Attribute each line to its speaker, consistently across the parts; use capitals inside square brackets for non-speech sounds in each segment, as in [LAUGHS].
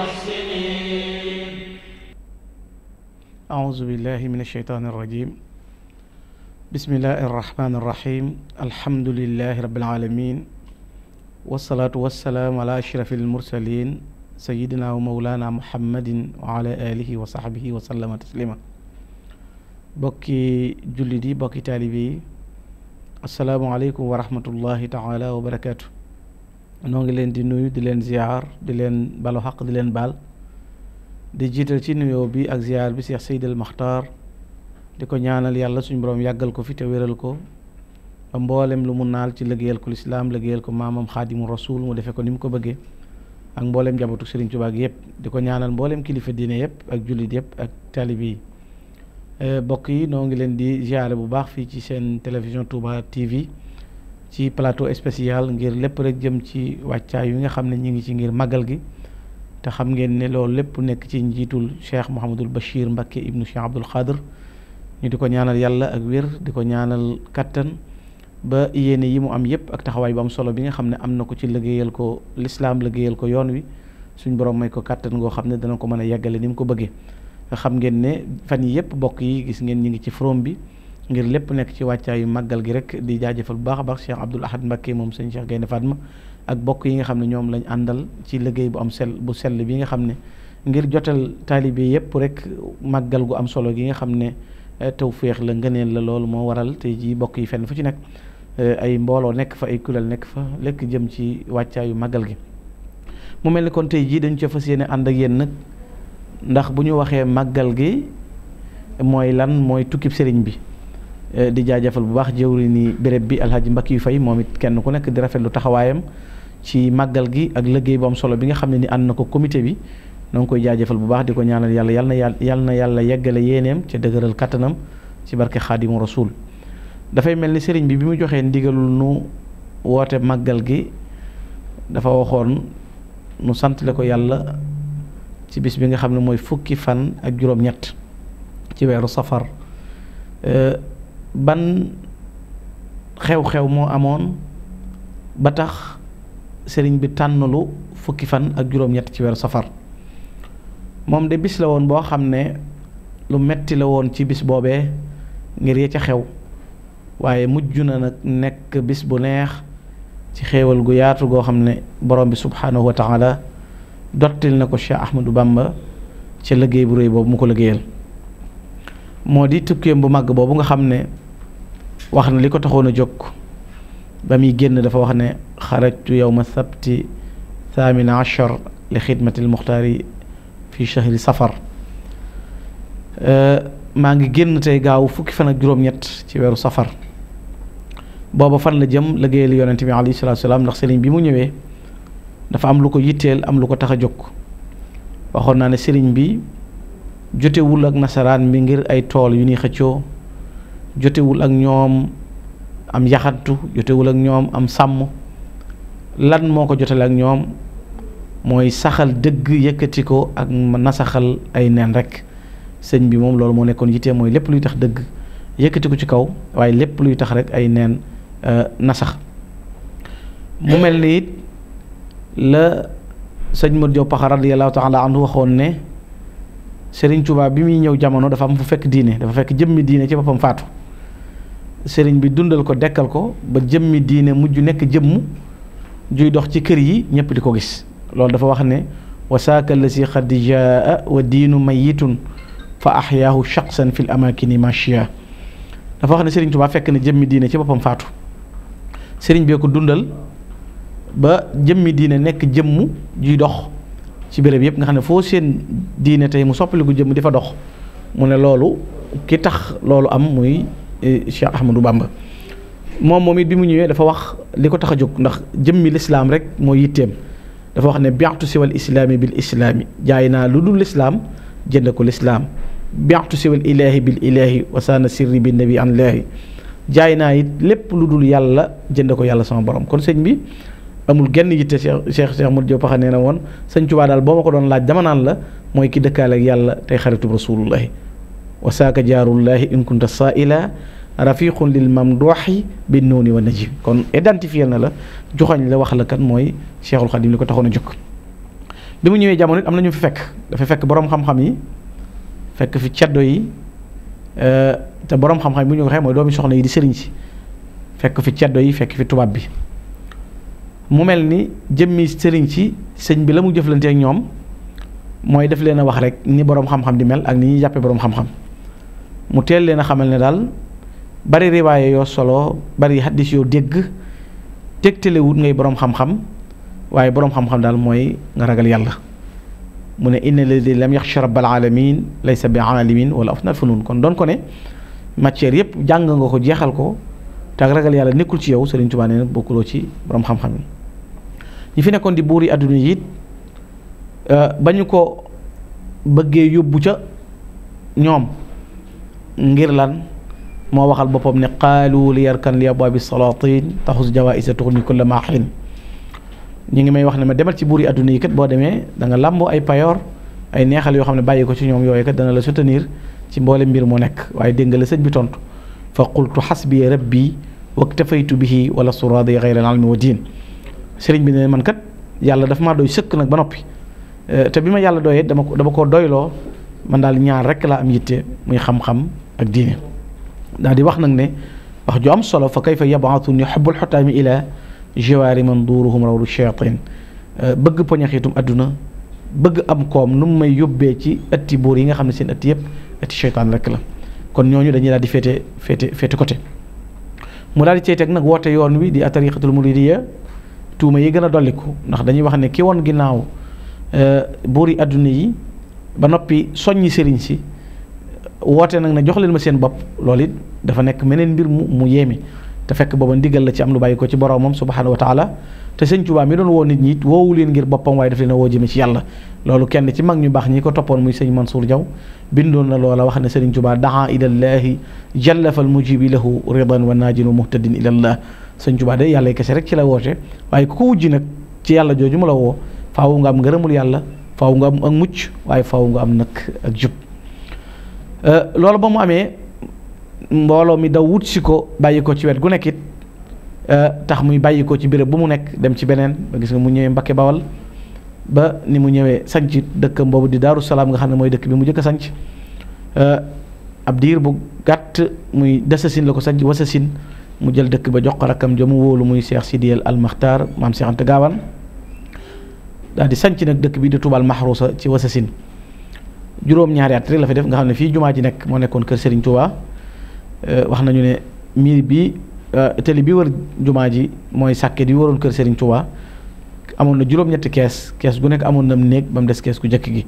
Speaker 1: المحسنين
Speaker 2: أعوذ بالله من الشيطان الرجيم بسم الله الرحمن الرحيم الحمد لله رب العالمين والصلاة والسلام على أشرف المرسلين سيدنا ومولانا محمد وعلى آله وصحبه وسلم تسليما بكي جلدي بكي تالبي السلام عليكم ورحمة الله تعالى وبركاته نونغي لين دي نويو دي لين زيار دي لين بالو حق دي لين بال دي جيتال سي نويو بي اك زيار بي شيخ سيد المختار دي كو نيانال يالا سوني بروم ياغال كو فيتا ويرال كو امبولم لومو نال سي لغيال كو الاسلام لغيال كو مامم خادم الرسول مو ديفيكو نيم كو بغي ak mbollem jabatu serigne touba yep diko ñaanal mbollem kilifa diine yep ak julit yep ak talibi euh bokk yi eh, no ngi len di ziaré bu baax fi ci sen télévision touba ci plateau spécial ngir lépp rek jëm ci wàccaay wi nga xam ne ñu ngi ci ngir màggal gi te xam ngeen ne loolu lépp nekk ci njiitul cheikh Mouhamadul Bachir Mbacke ibnu cheikh Abdoul Khader ñu di ko ñaanal yàlla ak wér di ko ñaanal kattan ba yéene yi mu am yépp ak taxawaay bu am solo bi nga xam ne am na ko ci liggéeyal ko lislaam liggéeyal ko yoon wi suñ borom may ko kattan goo xam ne dana ko mën a yeggale ni mu ko bëggee nga xam ngeen ne fan yi yépp yi gis ngeen ñu ngi ci forum bi ngir lépp nekk ci wàccaayu màggal gi rek di jaajëfal bu baax a baax Cheikh Abdoul Ahad Mbacké moom sëñ Cheikh Gaynde Fatma ak bokk yi nga xam ne ñoom lañ àndal ci liggéey bu am sell bu sell bi nga xam ne ngir jotal taalibe yëpp rek màggal gu am solo gi nga xam ne eh, tew féex la ngëneel la loolu moo waral tey jii bokk yi fenn fu ci nekk eh, ay mbooloo nekk fa ay kuréel nekk fa lekk jëm ci wàccaayu màggal gi mu mel ni kon tey jii dañu ca fa yéene ànd ak yéen nag ndax bu ñu waxee màggal gi mooy lan mooy tukkib sëriñ bi Eh, di jaajëfal bu baax jëwri ni béréb bi alhaji Mbakki yu fay moom it kenn ku nekk di rafetlu taxawaayam ci màggal gi ak liggéey bu am solo bi nga xam ne ni ànd na ko comité bi noo koy jaajëfal bu baax di ko ñaanal yàlla yal na yal na yàlla yeggale yéeneem ca dëgëral kattanam ci barke xaadimu rasul dafay mel ni sëriñ bi bi mu joxee ndigalul nu woote màggal gi dafa waxoon nu santale ko yàlla ci bis bi nga xam ne mooy fukki fan ak juróom-ñett ci weeru safar eh, ban xew-xew moo amoon ba tax sëriñ bi tànnalu fukki fan ak juróom-ñett ci weeru safar moom de bis la woon boo xam ne lu metti la woon ci bis boobee ngir ye ca xew waaye mujj na nag nekk bis bu neex ci xewal gu yaatu goo xam ne borom bi subhaanahu wa taala dottil na ko Cheikh Ahmadou Bamba ca liggéey bu réy boobu mu ko liggéeyal moo di tukkeem bu màgg boobu nga xam ne wax na li ko taxoon a jóg ba muy génn dafa wax ne xarajtu yowma sabti thamina achar li xidmati lmuxtaari fi chahri safar maa ngi génn tey gaaw fukki fan ak juróom-ñett ci weeru safar booba fan la jëm liggéeyal yonente bi alayhi salatu salaam ndax sëriñ bi mu ñëwee dafa am lu ko yitteel am lu ko tax a jóg waxoon naa ne sëriñ bi jotewul ak nasaraan bi ngir ay tool yu ñuy xëccoo jotewul ak ñoom am yaxantu jotewul ak ñoom am sàmm lan moo ko jotale ak ñoom mooy saxal dëgg yëkkati ko ak nasaxal ay neen rek sëñ bi moom loolu moo nekkoon yittee mooy lépp luy tax dëgg yëkkati ko ci kaw waaye lépp luy tax rek ay neen euh, nasax mu mel nii it la sëñ Modou Diop Pakha radiyallahu taala anhu waxoon ne Serigne Touba bi muy ñëw jamono dafa am fu fekk diine dafa fekk jëmmi diine ci boppam faatu sëriñ bi dundal ko dekkal ko ba jëmmi diine mujj nekk jëmm juy dox ci kër yi ñëpp di ko gis loolu dafa wax ne wa saaka lasi xad jaa wa diinu mayitun fa axyaahu shaqsan fi l amakini machia dafa wax ne sëriñ Tuubaa fekk na jëmmi diine ci boppam faatu sëriñ bee ko dundal ba jëmmi diine nekk jëmm juy dox ci béréb yëpp nga xam ne foo seen diine tey mu soppaliku jëmm di fa dox mu ne loolu ki tax loolu am muy Cheikh Ahmadou Bamba moom moom it bi mu ñëwee dafa wax li ko tax a jóg ndax jëmmi lislaam rek moo yitteem dafa wax ne biatu siwal islam bil islaami jaay naa lu dul lislaam jënd ko lislaam biatu siwal ilaahi bil ilaahi wasaana sirri bi nabi an laahi jaay naa it lépp lu dul yàlla jënd ko yàlla sama borom kon sëñ bi amul genn yitte Cheikh Cheikh Cheikh Modou Diop nee na woon sëñ Tuubaa daal boo ma ko doon laaj dama naan la mooy ki dëkkaale ak yàlla tey xaritu rasulullahi wasaaka jaarullahi in kunta saila rafiqun lil mamdooxi bin nuuni wa najim kon identifié na la joxoñ la wax la kan mooy cheikhul xadim li ko taxoon a jóg bi mu ñëwee jamono it am na ñu fi fekk dafa fekk borom xam-xam yi fekk fi ceddo yi te borom xam-xam yi bu ñu waxee mooy doomi soxna yi di sëriñ si fekk fi ceddo yi fekk fi tubaab bi mu mel ni jëmmi sëriñ si sëñ bi la mu jëflante ak ñoom mooy def leen a wax rek ni borom xam-xam di mel ak ni ñuy jàppee borom xam-xam. mu teel leen a xamal ne daal bari riwaaye yoo solo bari xaddis yoo dégg tegtalewut ngay boroom xam-xam waaye boroom xam-xam daal mooy nga ragal yàlla mu ne inna alladi lam yaxsha rabbal lay laysa bi alimin wala af nal fanun kon doon ko ne matière yëpp jàng nga ko jeexal ko te ak ragal yàlla nekkul ci yow Sëriñ Tuubaa nee bokkuloo ci boroom xam-xam yi ñi fi nekkoon di buur yi àdduna yi it euh, ba ñu ko bëggee yóbbu ca ñoom ngir lan mo waxal bopam ne qalu li yarkan li abwaabi salatin tahuz jawaisa tuxni kull ma hin ñi ngi may wax ne ma demal ci buri aduna yi kat bo demé da nga lambo ay payor ay neexal yo xamne bayiko ci ñom yoy kat dana la soutenir ci mbolé mbir mo nek waye dégg la sëñ bi tontu fa qultu hasbi rabbi waktafaytu bihi wala suraadi al almi wa din sëriñ bi ne man kat yàlla daf ma doy sëkk nak ba nopi te bima yàlla doye dama ko dama man dal ñaar rek la am yitte muy xam-xam ak diine daal di wax nag ne wax ju am solo fa kayfa yabaatuni xubbul xutaami ila jiwaari man duuruhum rawlu shayatin bëgg poñaxiitum adduna bëgg am koom nu mu may yóbbee ci ëtti buur yi nga xam ne seen ëtti yëpp ëtti cheytaan rek la kon ñooñu dañuy daal di féete féete féete côté mu daal di cey teg nag woote yoon wi di atariqatul muridiya tuuma yi gën a dolliku ndax dañuy wax ne ki woon ginnaaw buur yi adduna yi ba noppi soññi sëriñ si woote nag na jox leen ma seen bopp loolu it dafa nekk meneen mbir mu mu yéeme te fekk booba ndigal la ci am lu bàyyi ko ci boromam subhanahu wa taala te sëñ Tuubaa mi doon woo nit ñi it woowu leen ngir boppam waaye daf leen a woo jëme ci yàlla loolu kenn ci mag ñu baax ñi ko toppoon muy sëñ Mansour jaw bindoon na loola wax ne sëriñ Tuubaa daa ilallaahi jallafal mujibi lahu ridan wa naajinu muhtadin ilallah sëñ Tuubaa day yàlla kese rek ci la woote waaye ku ko wujji nag ci yàlla jooju mu la woo faaw nga am ngërëmul yàlla faaw nga am ak mucc waaye faaw nga am nag ak jub Euh, loolu ba mu amee mbooloo mi da wut ci ko bayiko ci wet gu euh tax muy bayiko ci béréb bu mu nek dem ci benen ba gis nga mu mbacké Bawal ba ni mu ñëwee ci dekk mbobu di daru salam nga xamné moy dekk bi mu jëk a euh, bu gatt muy desasin lako ko wasasin mu jël dekk ba jox ko rakam jëm wolu muy Cheikh sidiel Al Makhtar, mamsi Cheikh Anta dal daal di sanc nak dekk bi di tubal mahrusa ci juróom-ñaari at rek la fa def nga xam ne fii jumaa ji nekk moo nekkoon kër Serigne Touba wax nañu ne miir bi tali bi wër jumaa ji mooy sàkket yi waroon kër Serigne Touba amoon na juróom-ñetti kees kees gu nekk amoon na néeg ba mu des kees gu njëkk gi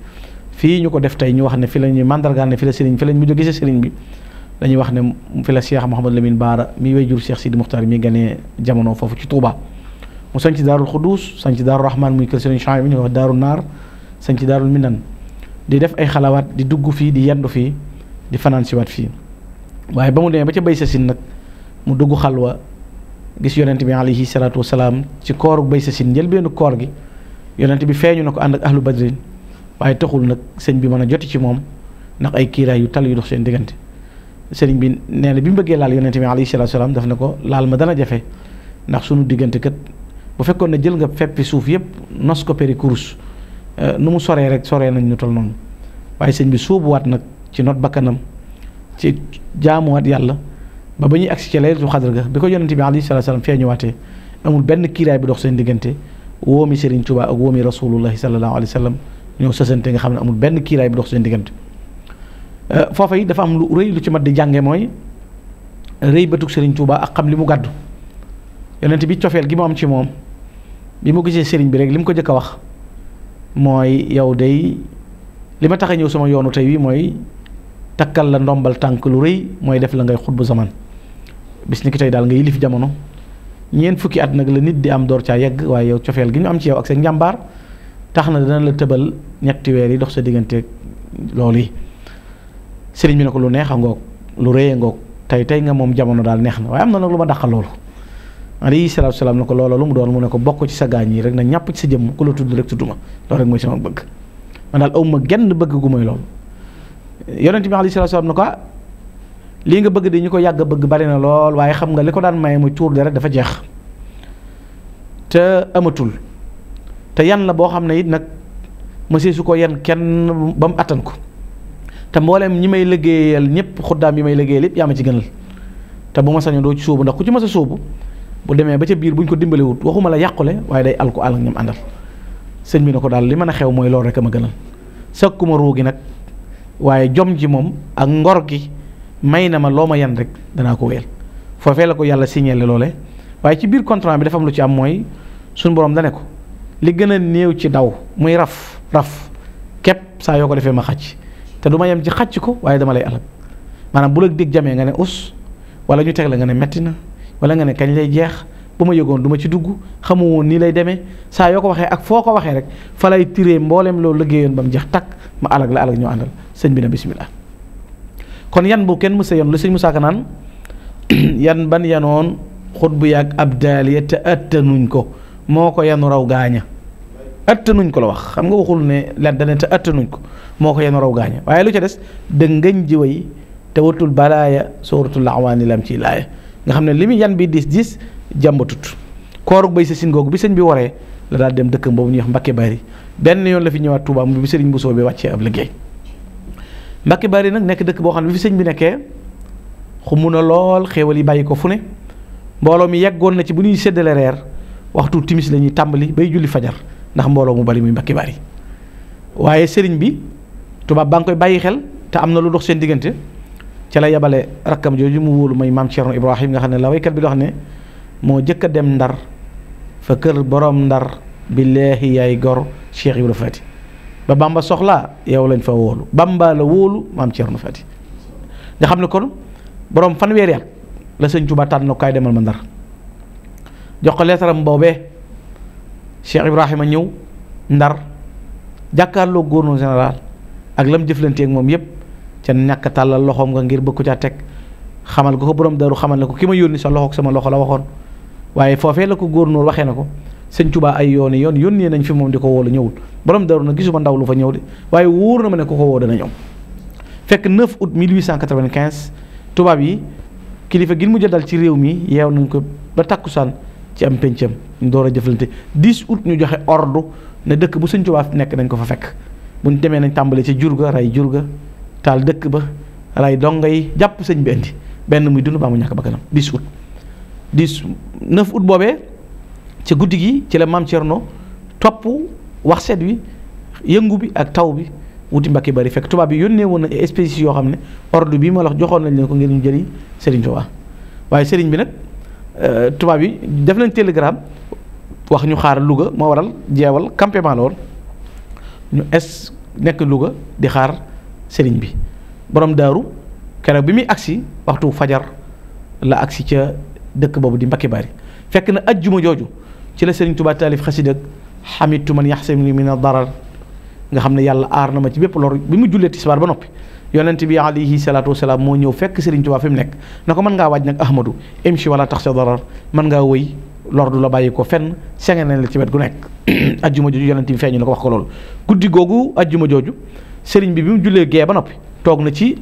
Speaker 2: fii ñu ko def tey ñu wax ne fi la ñuy mandargaal ne fi la Serigne fi lañ mujj gisee Serigne bi dañuy wax ne fi la Cheikh Mouhamadou Lamine Baara mi way Cheikh Sidi Moukhtar mi ganee jamono foofu ci Touba mu sañ ci daarul Xuduus sañ ci daarul Rahman muy kër Serigne Chouaïb mi ñu wax daarul Naar sañ ci daarul Minan di def ay xalawat di dugg fi, di yandu fi di fanan ci wat fi waye mu demé ba ci bay sa sin nag mu dugg xalwa gis yonent bi alayhi salatu wassalam ci kooru bay sa sin njëlbeenu koor gi yonent bi feñu nako ko ak ahlu badrin waye taxul nak señ bi mëna jotti ci mom nak ay kiiraay yu tal yu dox seen digënté señ bi néna na bi mu laal yonent bi alayhi salatu wassalam daf nako laal ma dana jafe nak sunu digënté kat bu fekkone jël nga feppi suuf yépp nos ko péri course Euh, nu mu soree rek soree nañ ñu tol noonu waaye sëñ bi sóobuwaat nag ci not bakkanam ci jaamuwaat yàlla ba ba ñuy agsi ci laylatul xadr ga bi ko yonente bi alayhi salaatu fee feeñuwaatee amul benn kiiraay bi dox seen diggante woomi Serigne Touba ak woomi rasulullahi sallallahu alayhi wa sallam ñoo sësante nga xam ne amul benn kiiraay bi dox seen diggante euh, foofu yi dafa am lu rëy lu ci mat di jànge mooy rëy bëtug sëriñ Touba ak xam li mu gàddu yonent bi cofeel gi mu am ci moom bi mu gisee sëriñ bi rek li mu ko jëkk a wax mooy yow day li ma tax a ñëw sama yoonu tey wi mooy takkal la ndombal tànk lu rëy mooy def la ngay xutbu zaman bis ni ki tey daal nga yilif jamono ñeent fukki at nag la nit di am door caa yegg waaye yow cofeel gi ñu am ci yow ak seen njàmbaar tax na dana la tëbal ñetti weer yi dox sa diggante loolu yi sëriñ bi ne ko lu neex a ngoog lu rëy a ngoog tey tey nga moom jamono daal neex na waaye am na nag lu ma daqal loolu ali sallallahu salam wasallam lolo loola lu mu doon mu ne ko bokk ci sa gañi rek na ñap ci sa jëm ku la tuddu rek tudduma lolo rek moy sama bëgg man dal awma genn bëgg gu moy lolo yaronte bi ali sallallahu alaihi wasallam ko ah, li nga bëgg de bëgg bari na lolo waye xam nga liko daan may mu tour de rek dafa jeex te amatul te yan la bo xamne ne it nag monsieur su ko yan kenn bam atan ko te mbolem ñi may liggéeyal ñëpp xuddam yi may liggéeyal yep yaa ci gënal te bu ma ci soobu ndax ku ci ma sa soobu bu demee ba ca biir bu buñ ko dimbalewut waxuma la yàqule waaye day alku àll ak ñoom àndal sëñ bi ne ko daal li mën a xew mooy loolu rek a ma gënal sakkuma ruu gi nag waaye jom ji moom ak ngor gi may na ma loo ma yan rek danaa ko wéyal foofee la ko yàlla signalé loole waaye ci biir contrat bi dafa lu ci am mooy suñu borom da ne ko li gën a néew ci daw muy raf raf képp saa yoo ko defee ma xàcc te du ma yem ci xàcc ko waaye dama lay alal maanaam bu la dig jamee nga ne us wala ñu teg la nga ne metti na wala nga ne kañ lay jeex buma ma duma ci dugg xamu woon nii lay demee saa yoo ko ak foo ko waxee rek fa lay tiree mbooleem loolu liggéeyoon ba jeex ma alag la alag ñoo àndal sëñ bi na bismillah kon yan bu kenn mësa yoon lu sëñ naan [CLEARS THROAT] yan ban yanoon xut bu yàgg ab ya te attanuñ ko moo ko yanu raw gaaña ko la wax xam nga waxul ne lan dane te attanuñ ko moo ko yanu raw gaaña waaye lu ca des dëngañ jiway te watul balaaya suratul laxwaani lam ci laaya nga xam ne li muy yan bi diis diis jàmbatut koorug bay sa sin googu bi sëñ bi waree la daal dem dëkkam boobu ñuy wax Mbakke Bari benn yoon la fi ñëwaat Touba mu bi sëriñ Bousso bi wàccee ab liggéey Mbakke Bari nag nekk dëkk boo xam ne bi fi sëñ bi nekkee xumu na lool xéewal yi bàyyi ko fu ne mbooloo mi yeggoon na ci bu ñuy séddale reer waxtu timis lañuy tàmbali bay julli fajar ndax mbooloo mu bari muy mbakki Bari waaye sëriñ bi tubaab baa ngi koy bàyyi xel te am na lu dox seen diggante ca la yebale rakkam jooju mu wóolu mooy maam Thierno Ibrahim nga xam ne la waykat bi dox ne moo jëkk a dem ndar fa kër boroom ndar bi leexi yaay gor Cheikh Ibrahima Fati ba Bamba soxlaa yow lañ fa wóolu Bamba la wóolu maam Thierno Fati nga xam ne kon boroom fanweeri at la sëñ Tuubaa tànn na demal ma ndar jox ko leetaram boobee Cheikh Ibrahima ñëw ndar jàkkaarloo gouverneur général ak lam jëflanteeg moom yépp ca ñàkk tàllal loxoom nga ngir bëgg caa teg xamal ko ko borom daru xamal ne ko ki ma yónni sa loxoog sama loxo la waxoon waaye foofee la ko góornóor waxee na ko sëñ Tuubaa ay yoon yoon yónnee nañ fi moom di ko woo la ñëwul borom daru na gisuma ndaw lu fa ñëw de waaye wóor na ma ne ko ko woo na ñëw fekk 9 août 1895 tubaab yi kilifa gi mu jëndal ci réew mi yeew nañ ko ba takkusaan ci am péncam ñu door a jëflante 10 août ñu joxe ordre ne dëkk bu sëñ Tuubaa nekk nañ ko fa fekk buñ demee nañ tàmbale ci jur ga jur ga taal dëkk ba ray donga yi jàpp sëñ bi benn muy dund baa mu ñàkk bakkanam 10 août 10 9 août boobee ca guddi gi ci la maam Cerno topp wax set wi yëngu bi ak taw bi wuti mbakki bari fekk tubaab yi yónnee woon nañ expédition yoo xam ne ordre bi ma la joxoon nañ leen ko ngir ñu jëli Serigne Touba waaye sëriñ bi nag euh, tubaab yi def nañ télégramme wax ñu xaar Louga moo waral jeewal campement la woon ñu es nekk Louga di xaar. serigne bi borom daru keroog bi mi waktu waxtu fajar la aksi ca dekk bobu di Mbacke Bari fekk na aljuma joju ci la serigne touba talif xasida hamidtu man yaxsani min darar nga xamne yalla yàlla ma ci bepp lor bi mu julle tisbar ba nopi yonent bi alihi salatu wassalam mo ñew fekk serigne touba fim nek nako man nga waj nak ahmadu imshi wala takhsha darar man nga wëy lor du la bayiko ko fenn senge la ci wet gu nek [CLEARS THROAT] aljuma joju yonent bi feñu nako wax ko lol guddigu gogu aljuma joju serigne bi bimu julle ge ba nopi tok na ci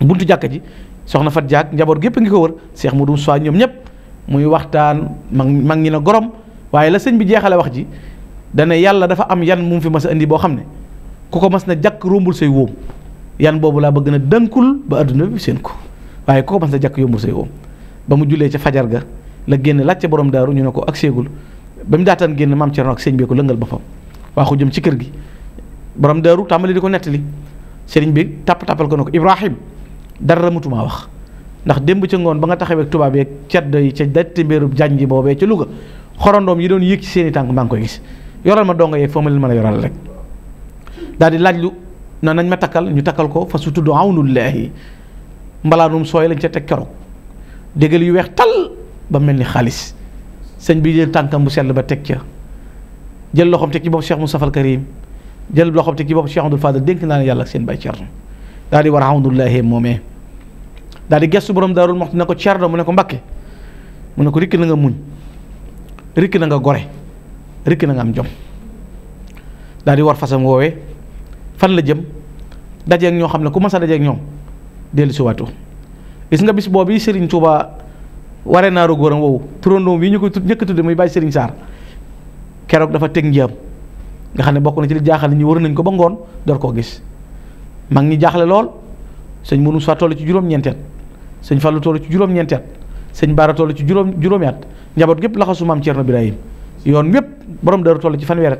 Speaker 2: buntu jakka ji soxna fat jak njaboot gep ngi ko wor cheikh mudum dum ñom ñep muy waxtaan mag ngi na gorom waye la serigne bi jexale wax ji dana yalla dafa am yan mu fi ma sa indi boo xam ne mas na jak rombul sey wom yan bobu la bëgg na dënkul ba aduna bi seen ko waye ku mas na jak yombul ba mu julle ci fajar ga la genn la borom daaru ñu ne ko ak segul bam daatan genn mam ci ron ak serigne bi ko ba boppam waxu jëm ci kër gi borom deru tamali di netali serigne bi tap tapal ko nako Ibrahim dara mutuma wax ndax demb ci ngone ba nga taxawek tuba be cedd yi ci datti mbirub janji bobé ci luga xorondom yi doon yek ci seni tank mang ngi koy gis yoral ma dongay ma yoral rek di lu na nañ ma takal ñu takal ko fa su tudd awnullaahi mbalaanum soy lañ ci tek kero yu wex tal ba melni ni xaalis bi jël tankam bu sel ba tek ca jël loxom tek ci bob Cheikh Moustapha Karim jël loxoom te ci bopp Cheikh Abdoul Fadal dénk naa yàlla ak seen bay Cerno daal di war alhamdulilah moomee daal di gestu borom daarul moxti ne ko Cerno mu ne ko Mbakke mu ne ko rikk na nga muñ rikk na nga gore rikk na nga am jom daal di war fasam woowee fan la jëm dajeeg ñoo xam ne ku mas a dajeeg ñoom dellu si gis nga bis boobu Serigne Touba waree naa roog waram woowu turandoom yi ñu ko njëkk tudde muy bàyyi Serigne Sarr keroog dafa teg njiyam nga xam ne bokk na ci li jaaxal ñu wër nañ ko ba ngoon door koo gis mag ñi jaaxle lool sëñ mënu Moussa toll ci juróom-ñeenteet sëñ Fallou toll ci juróom-ñeenteet sëñ Baara toll ci juróom juróomi at njaboot gépp laxasu maam Thierno Birahim yoon wépp borom dara toll ci fanweer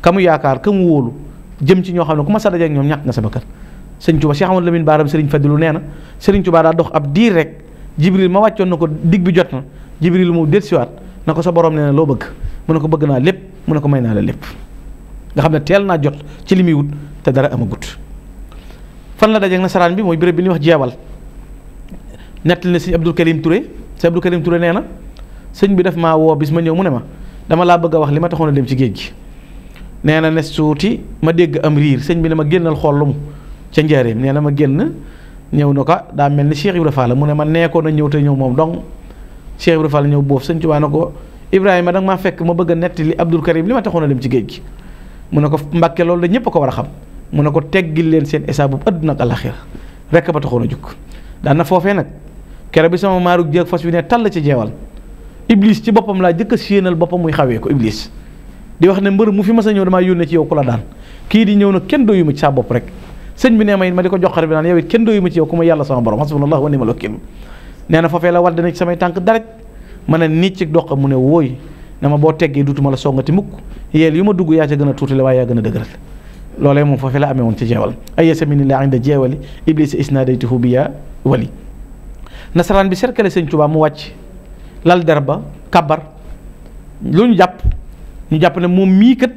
Speaker 2: ka mu yaakaar ka mu wóolu jëm ci ñoo xam ne ku ma sa daje ñoom ñàkk nga sa bakkan sëñ Touba Cheikh Amadou Lamine Baaram sëriñ lu nee na sëriñ Touba daa dox ab diir rek Jibril ma wàccoon na ko digg bi jot na Jibril mu dellusiwaat na ko sa borom nee na loo bëgg mu ne ko bëgg naa lépp mu ne ko may naa la lépp nga xam ne teel naa jot ci li muy wut te dara amagut fan la dajeeg nasaraan bi mooy bërëb bi ñuy wax jeebal nettali na sëñ Abdul Karim Touré sëñ Abdul Karim nee na sëñ bi daf maa woo bis ma ñëw mu ne ma dama laa bëgg wax li ma taxoon a dem ci géej gi nee na ne suuti ma dégg am riir sëñ bi ne génnal xool lu mu ca njaareem nee na ma génn ñëw na ko daa mel ni Cheikh Ibrahima Fall mu ne ma nekkoon na ñëw te ñëw moom dong Cheikh Ibrahima Fall ñëw boof sëñ Tuubaa na ko Ibrahima danga maa fekk ma bëgg a nettali Abdul Karim li ma taxoon a dem ci géej gi. mu ne ko mbàkke loolu la ñëpp ko wara xam mu teggil leen seen esaab bu ëdd nag alaxira rekk ba taxono juk da na fofé nak kere bi sama maruk fas wi ne tal ci jéwal iblis ci bopam la jëkk a bopam muy xawé ko iblis di wax ne mbeur mu fi mësa ñew dama damaa ci yow kula daan ki di ñew nag kenn doyu ma ci sa bop rek señ bi ne may ma diko jox xarbi naan yow kenn ci yow kuma yalla sama borom subhanallahu wa ni'mal wakil neena fofé la wal dana ci samay tank darek mané nit ci dox mu ne woy nama botek teggé dutuma la songati mukk yel yuma dugg ya ca gëna tuti la waaye yaa gën a dëgëral loolee la amé won ci jéwal ay samini la inda jéwali iblis isnadaytuhu biya wali nasran bi serkale señ tuba mu wacc lal darba, kabar luñu japp ñu japp né mom mi kët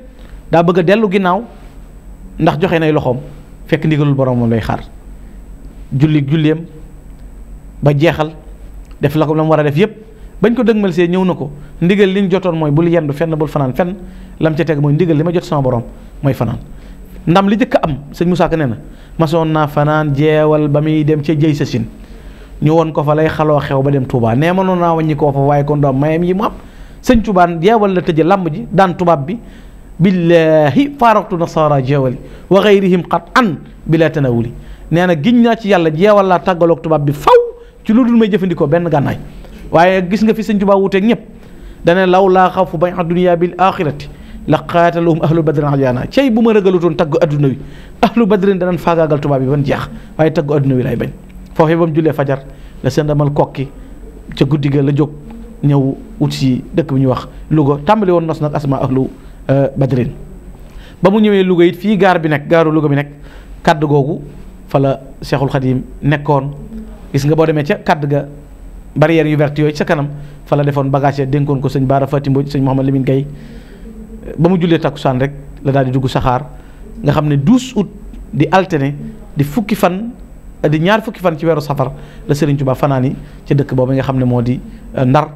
Speaker 2: da bëgg déllu dellu ndax joxé nay loxom fekk ndigalul boromam lay xaar julli ba jéxal def la ko lam wara def yépp bañ ko dëgmal see ñëw na ko ndigal li ñu jotoon mooy bul yendu fenn bul fanaan fenn lam ca teg mooy ndigal li ma jot sama borom mooy fanaan ndam li jëkk am sëñ Moussa Ka nee na masoon naa fanaan jeewal ba muy dem ca jëy sa sin ñu woon ko fa lay xaloo xew ba dem Touba nee manoon naa wàññi koo fa waaye kon doom mayam yi mu am sëñ Touba jeewal la tëje làmb ji daan tubaab bi billahi faaraqtu nasara jeewali wa gayrihim qat an bila tanawuli nee na giñ naa ci yàlla jeewal laa tàggaloog tubaab bi faw ci lu dul may jëfandikoo benn gànnaay waye gis nga fi seigne touba wouté ñep dana law laa khafu bay adunya bil akhirati la ahlu badrin ajana cey buma ma ragalutoon aduna wi ahlu badrin danañ fagaagal touba yi ban jeex waye tagg aduna wi lay bañ fofé bam julé fajar la sendamal kokki ca guddi la jog ñew wut si bi ñu wax lugo tambali won nos nak asma ahlu euh, badrin ba mu ñëwee Louga Fi fii gaar bi nekk garu lugo bi nekk kaddu gogou fa la Seexul gis nga bo ca kaddu ga barrière yu vert yoy ci kanam fa la defone bagage ya, denkon ko seigne bara fatimbo seigne mohammed Lamine gay ba mu julle takusan rek la di dugg nga xamne 12 août di alterner di fukki fan di ñaar fukki fan ci wéro safar la Serigne Touba fanani ci dekk bobu nga xamne modi moo euh, ndar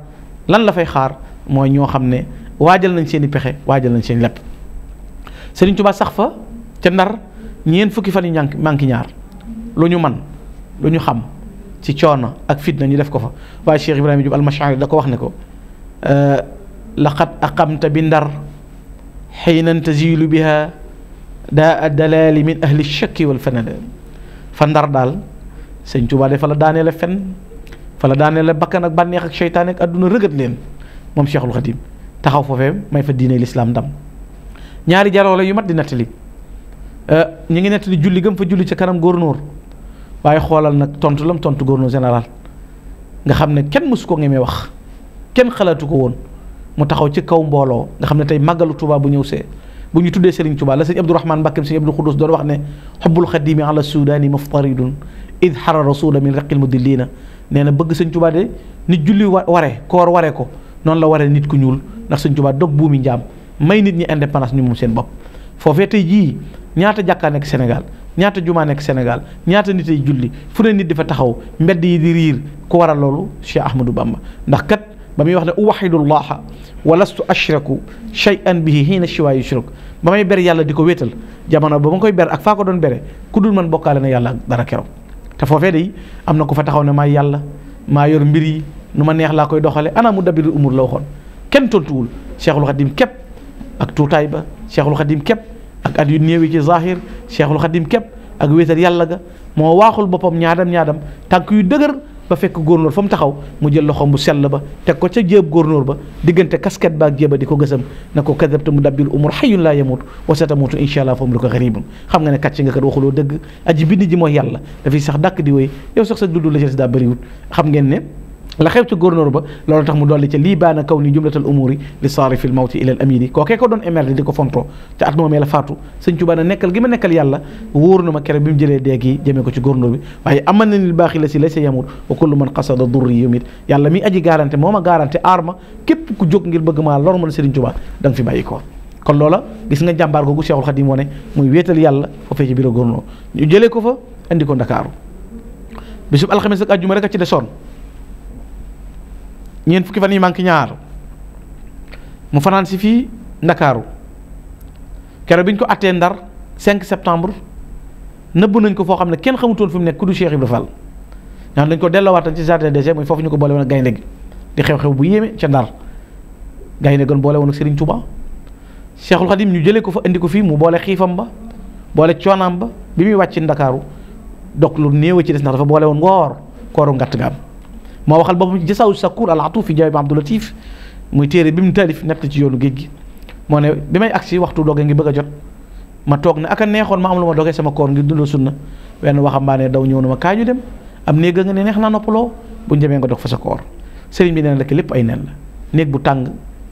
Speaker 2: lan la fay xaar moy ño xamne ne nañ seeni pexé pexe nañ seeni lepp lépp Serigne Touba sax fa ci fukki fan yi manki ñaar luñu man luñu xam ci coono ak fitna ñu def ko fa waaye Cheikh Ibrahima Diop almashari da ko wax ne ko laqad aqamta bi ndar xiinan tazilu biha daa a dalaali min ahli shakki wal fanadaan fa ndar daal sëñ Tuubaa de fa la daaneele fen fa la daaneele bakkan ak bànneex ak seytaane ak àdduna rëgët leen moom Cheikhul Xadim taxaw foofee may fa diine lislaam ndam ñaari jaloo la yu mat di nettali ñu ngi nettali julli gëm fa julli ca kanam góor nóor waye xolal nak tontu lam tontu gouverneur général nga xamne ken musuko ngeme wax ken xalaatu ko woon mu taxaw ci kaw mbolo nga xamne tay magalu màggalu Touba bu ñëw se bu ñu tuddé Serigne Touba la serigne abdou rahman Mbakke serigne Abdou Khoudous doon wax ne hubbul khadim ala sudani maftaridun id harra rasul min raqil mudillina neena bëgg serigne Touba de nit julli waré koor waré ko non la waré nit ku ñuul ndax serigne Touba dog buumi njaam may nit ñi indépendance ñu moom seen bop fofé tay ji ñaata jàkkaa nekk Sénégal ñaata jumaa nekk Sénégal ñaata nit ay julli fu ne nit di fa taxaw mbedd yi di riir ku waral loolu Cheikh Ahmadou Bamba ndax kat ba muy wax ne uwaxidu llaha wa lastu ashraku shay'an bihi hiina shiwa yushrak ba may ber yàlla di ko wéetal jamono ba ma koy ber ak faa ko doon bere ku dul man bokkaale na yàlla dara keroog te foofee day am na ku fa taxaw ne maay yàlla maa yor mbir yi nu ma neex laa koy doxale ana mu dabirul umur la waxoon kenn tontuwul Cheikhul Khadim képp ak tuutaay ba Cheikhul Khadim képp ak at yu néew yi ci zahir cheikhul xadim képp ak wéetal yàlla ga moo waaxul boppam ñaadam ñaadam tànk yu dëgër ba fekk góornóor fa mu taxaw mu jël loxoom bu sell ba teg ko ca jéeb góornóor ba diggante kasket baak jéeba di ko gësam na ko kadabta mu dabbil umur xayun laa yamut wa satamutu insha allah ko xaribun xam nga ne kàcc nga kat waxuloo dëgg aji bind ji mooy yàlla dafay sax dàkk di wéy yow sax sa dund la ci daa bëriwut xam ngeen ne la xew ci góornóor ba lolu tax mu doli ci lii baana kaw ni umuri li sarif al maut ila al kookee ko ke ko don di diko fonto te at moomee la faatu sëñ Tuubaa na nekkal gima nekkal yàlla wóor kere bimu jele degi jeme ko ci góornóor bi waye amana lil bakhil si laysa yamut wa kullu man qasada durri yumit yàlla mi aji garantie moma garantie arma kep ku jóg ngir beug ma lor man seigne Tuubaa dang fi bayiko kon lola gis nga jàmbaar googu Cheikhul Khadim wone muy wetal yàlla fo fe ci biro góornóor ñu jele ko fa andi ko Ndakaaru bisub al khamis ak àjjuma rek a ci desoon ñeen fukki fan yi manqué ñaar mu fanaan si fii ndakaaru kero bi ñu ko attee ndar 5 septembre nëbb nañ ko foo xam ne kenn xamutoon fu mu nekk ku du Cheikh Ibra Fall nga xam dañ ko delloowaatan ci jardin des muy foofu ñu ko boole woon ak gi di xew-xew bu yéeme ca ndar gaynde goon boole woon ak Serigne Touba Cheikhul Khadim ñu jëlee ko fa indi ko fii mu boole xiifam ba boole coonaam ba bi muy wàcc ndakaaru dok lu néew ci des ndax dafa boole woon ngoor kooru ngatt nga am moo waxal boppam jissaw sakur al atuuf fi Abdul Latif muy téré bi talif taalif ci yoonu geejgi mo ne bimay aksi waxtu doge ngi bëgga jot ma tok na aka neexon ma am luma ma sama koor ngi dundu sunna waxa mbane daw ñewnu ma dem am neega nga ne neex na noppaloo bu demee nga dox fa sa koor sëriñ bi neena la lekk lépp ay neen la neeg bu tang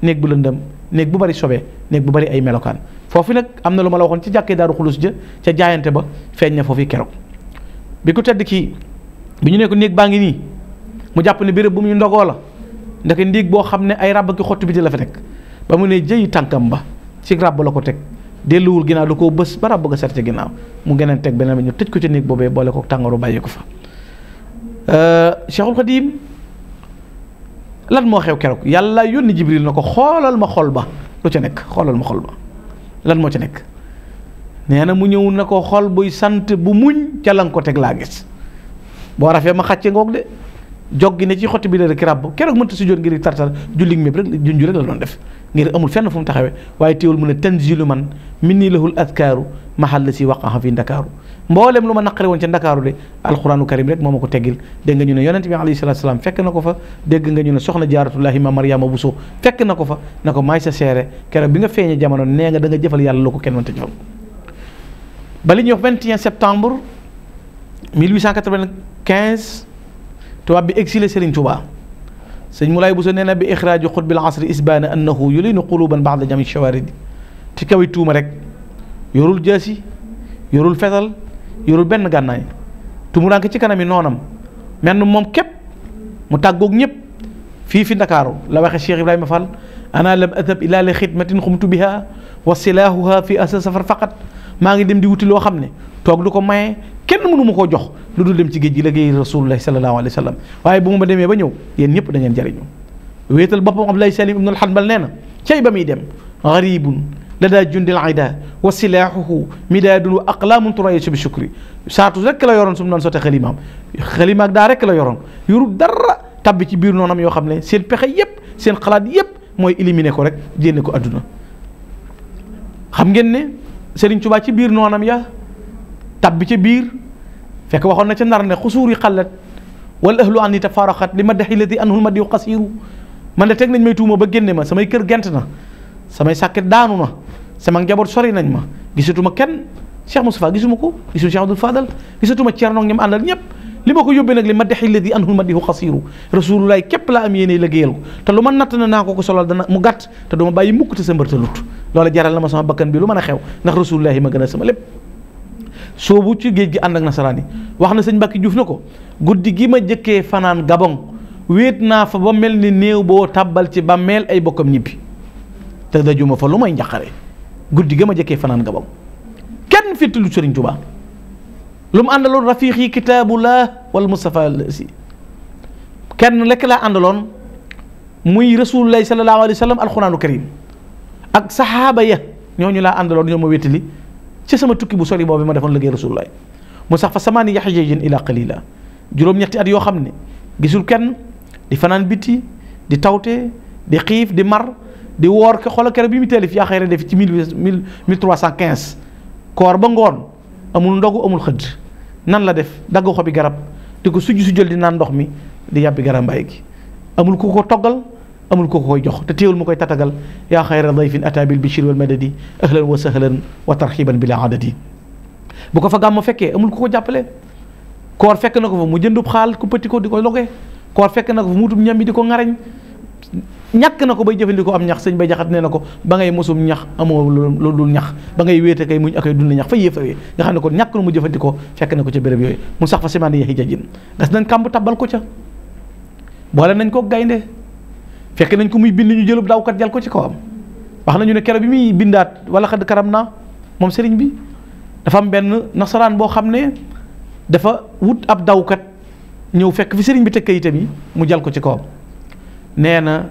Speaker 2: neeg bu lëndëm neeg bu bari sobé neeg bu bari ay melokan fofu nak am luma la waxon ci jàkkee daru khulus ja ca jaayante ba feñ na fofu kérok bi ku tedd ki bi ñu neeku neeg baangi ni mu jàpp ne béréb bu mu ñu ndogoo la ndeke ndiig boo xam ne ay ràbb ki xottu bi di la fa nekk ba mu ne jëyi tànkam ba ci ràbb la ko teg delluwul ginnaaw da koo bës ba ràbb ga set ci ginnaaw mu geneen teg beneen bi ñu tëj ko ci néeg boobee boole ko tàngooru bàyyi ko fa euh, Cheikhul Khadim lan moo xew keroog yàlla yónni Jibril na ko xoolal ma xol ba lu ca nekk xoolal ma xol ba lan moo ci nekk nee na mu ñëw na ko xol buy sant bu muñ ca ko teg laa gis boo rafee ma xàcce ngoog de joggi ne ci xotti bi la kirab keroog mënta sujjóot ngir tartar julli mi rek junju rek la doon def ngir amul fenn fu mu taxawee waaye teewul mu ne tanzilu man min nii lahul adkaaru mahal la si waqaxa fi ndakaaru mboolem lu ma naqare woon ca ndakaaru de alquranu karim rek moo ma ko teggil dégg nga ñu ne yonent bi alayhi salaam fekk na ko fa dégg nga ñu ne soxna jaaratullahi ma mariama buso fekk na ko fa na ko maay sa seere keroog bi nga feeñee jamono nee nga da nga jëfal yàlla loo ko kenn mënta jëfal ba li ñuy tubaab bi exilé Serigne Touba sëñ Moulay Bousso nee na bi ixraaju xutbil asri isbaana annahu yulinu quluban ba'da jami shawaridi ci kaw tuuma rek yorul jaasi yorul fetal yorul benn gànnaay tumuraanke ci kanam yi noonam menn moom képp mu tàggoog ñëpp fii fi Ndakaaru la waxe Cheikh Ibrahima Fall ana lam atab ilaa li xidmatin xumtu biha wa silaahuha fi asa safar faqat maa ngi dem di wuti loo xam ne tok du ko maye kenn munu mako jox lu dul dem ci géej gi liggéey rasulullah sallallahu alaihi wasallam waye waaye bu ma deme ba ñëw yéen ñep da ngeen jariñu wetal bopam Abdoulaye Salim ibn al Hanbal neena cey bamuy dem gharibun lada jundil aida wa silahuhu midaadun aqlamun turayish bi shukri saatu rek la yoron sum non doon sote xalimaam xalimaak da rek la yoron yuru dara tab ci bir nonam yo xamne ne seen pexe yep seen khalat yep moy éliminer ko rek jenn ko aduna xam ngeen ne Serigne Touba ci bir nonam ya tàbbi ca biir fekk waxoon na ca nar ne xusuur yi xalat wal ahlu an ni tafaaraxat li ma dexilati anhul ma diw xasiiru man de teg nañ may tuuma ba génne ma samay kër gent na samay sàkket daanu na sama njaboot sori nañ ma gisatuma kenn Cheikh Moustapha gisuma ko gisuma Cheikh Abdoul Fadal gisatuma Thierno ñam àndal ñëpp li ma ko yóbbee nag li ma dexi ladi anhul ma dihu xasiiru rasulullaay képp laa am yéene liggéeyal te lu ma natt ko solal dana mu gàtt te du bàyyi mukk te sa mbërtalut jaral na ma sama bakkan bi lu mën xew ndax rasulullaay ma gën sama lépp soobu ci géej gi ànd ak nasaraan yi wax na sëñ Mbàkke Juuf na ko guddi gi ma jëkkee fanaan Gabon wéet naa fa ba mel ni néew boo tàbbal ci ba meel ay bokkam ñibbi te dajuma fa lu may njaqare guddi gi ma jëkkee fanaan Gabon kenn fittilu Sëriñ Tuubaa lu mu àndaloon rafiix yi kitaabullah wal Mustafa si kenn lekk laa àndaloon muy rasulullahi sallallahu alayhi wa sallam alxuraanu karim ak saxaaba ya ñooñu laa àndaloon ñoo ma wéttali ci sama tukki bu sori bi ma defoon liggéey rasulullaay mu sax fa samaani yaxjajin ila qalila juróom-ñetti at yoo xam ne gisul kenn di fanaan biti di tawte di xiif di mar di woor ke xoolal keroog bi mu taalif yaa xayra def ci mille mille trois cent quinze koor ba ngoon amul ndogu amul xëdd nan la def dagg xobi garab te ko sujj sujjal di naan ndox mi di yàbbi garambaay gi amul ku ko toggal amul ko koy jox te téewul mu koy tatagal yaa xayra dayfin ata bil bichir wal madadi ahlan wa sahlan wa tarxiban bila adadi bu ko fa gàmm fekkee amul ko jàppale koor fekk na ko fa mu jëndub xaal ku pëti ko di ko loge koor fekk na ko fa mu utub ñam bi di ko ŋarañ ñàkk na ko bay jëfandikoo am ñax sëñ bay jaxat nee na ko ba ngay mosum ñax amoo loolu ñax ba ngay wéete kay muñ akay dund ñax fa yéefawee nga xam ne ko ñàkk na mu jëfandikoo fekk na ko ca béréb yooyu mu sax fa simaane yaxi jajin gas nañ kàmb tabbal ko ca boole nañ ko gaynde fekk nañ ko muy bind ñu jëlub dawkat jal ko ci kawam wax nañu ne kero bi muy bindaat wala xadd karam naa moom sëriñ bi dafa am benn nasaraan boo xam ne dafa wut ab dawkat ñëw fekk fi sëriñ bi teg kayitam yi mu jal ko ci kawam nee na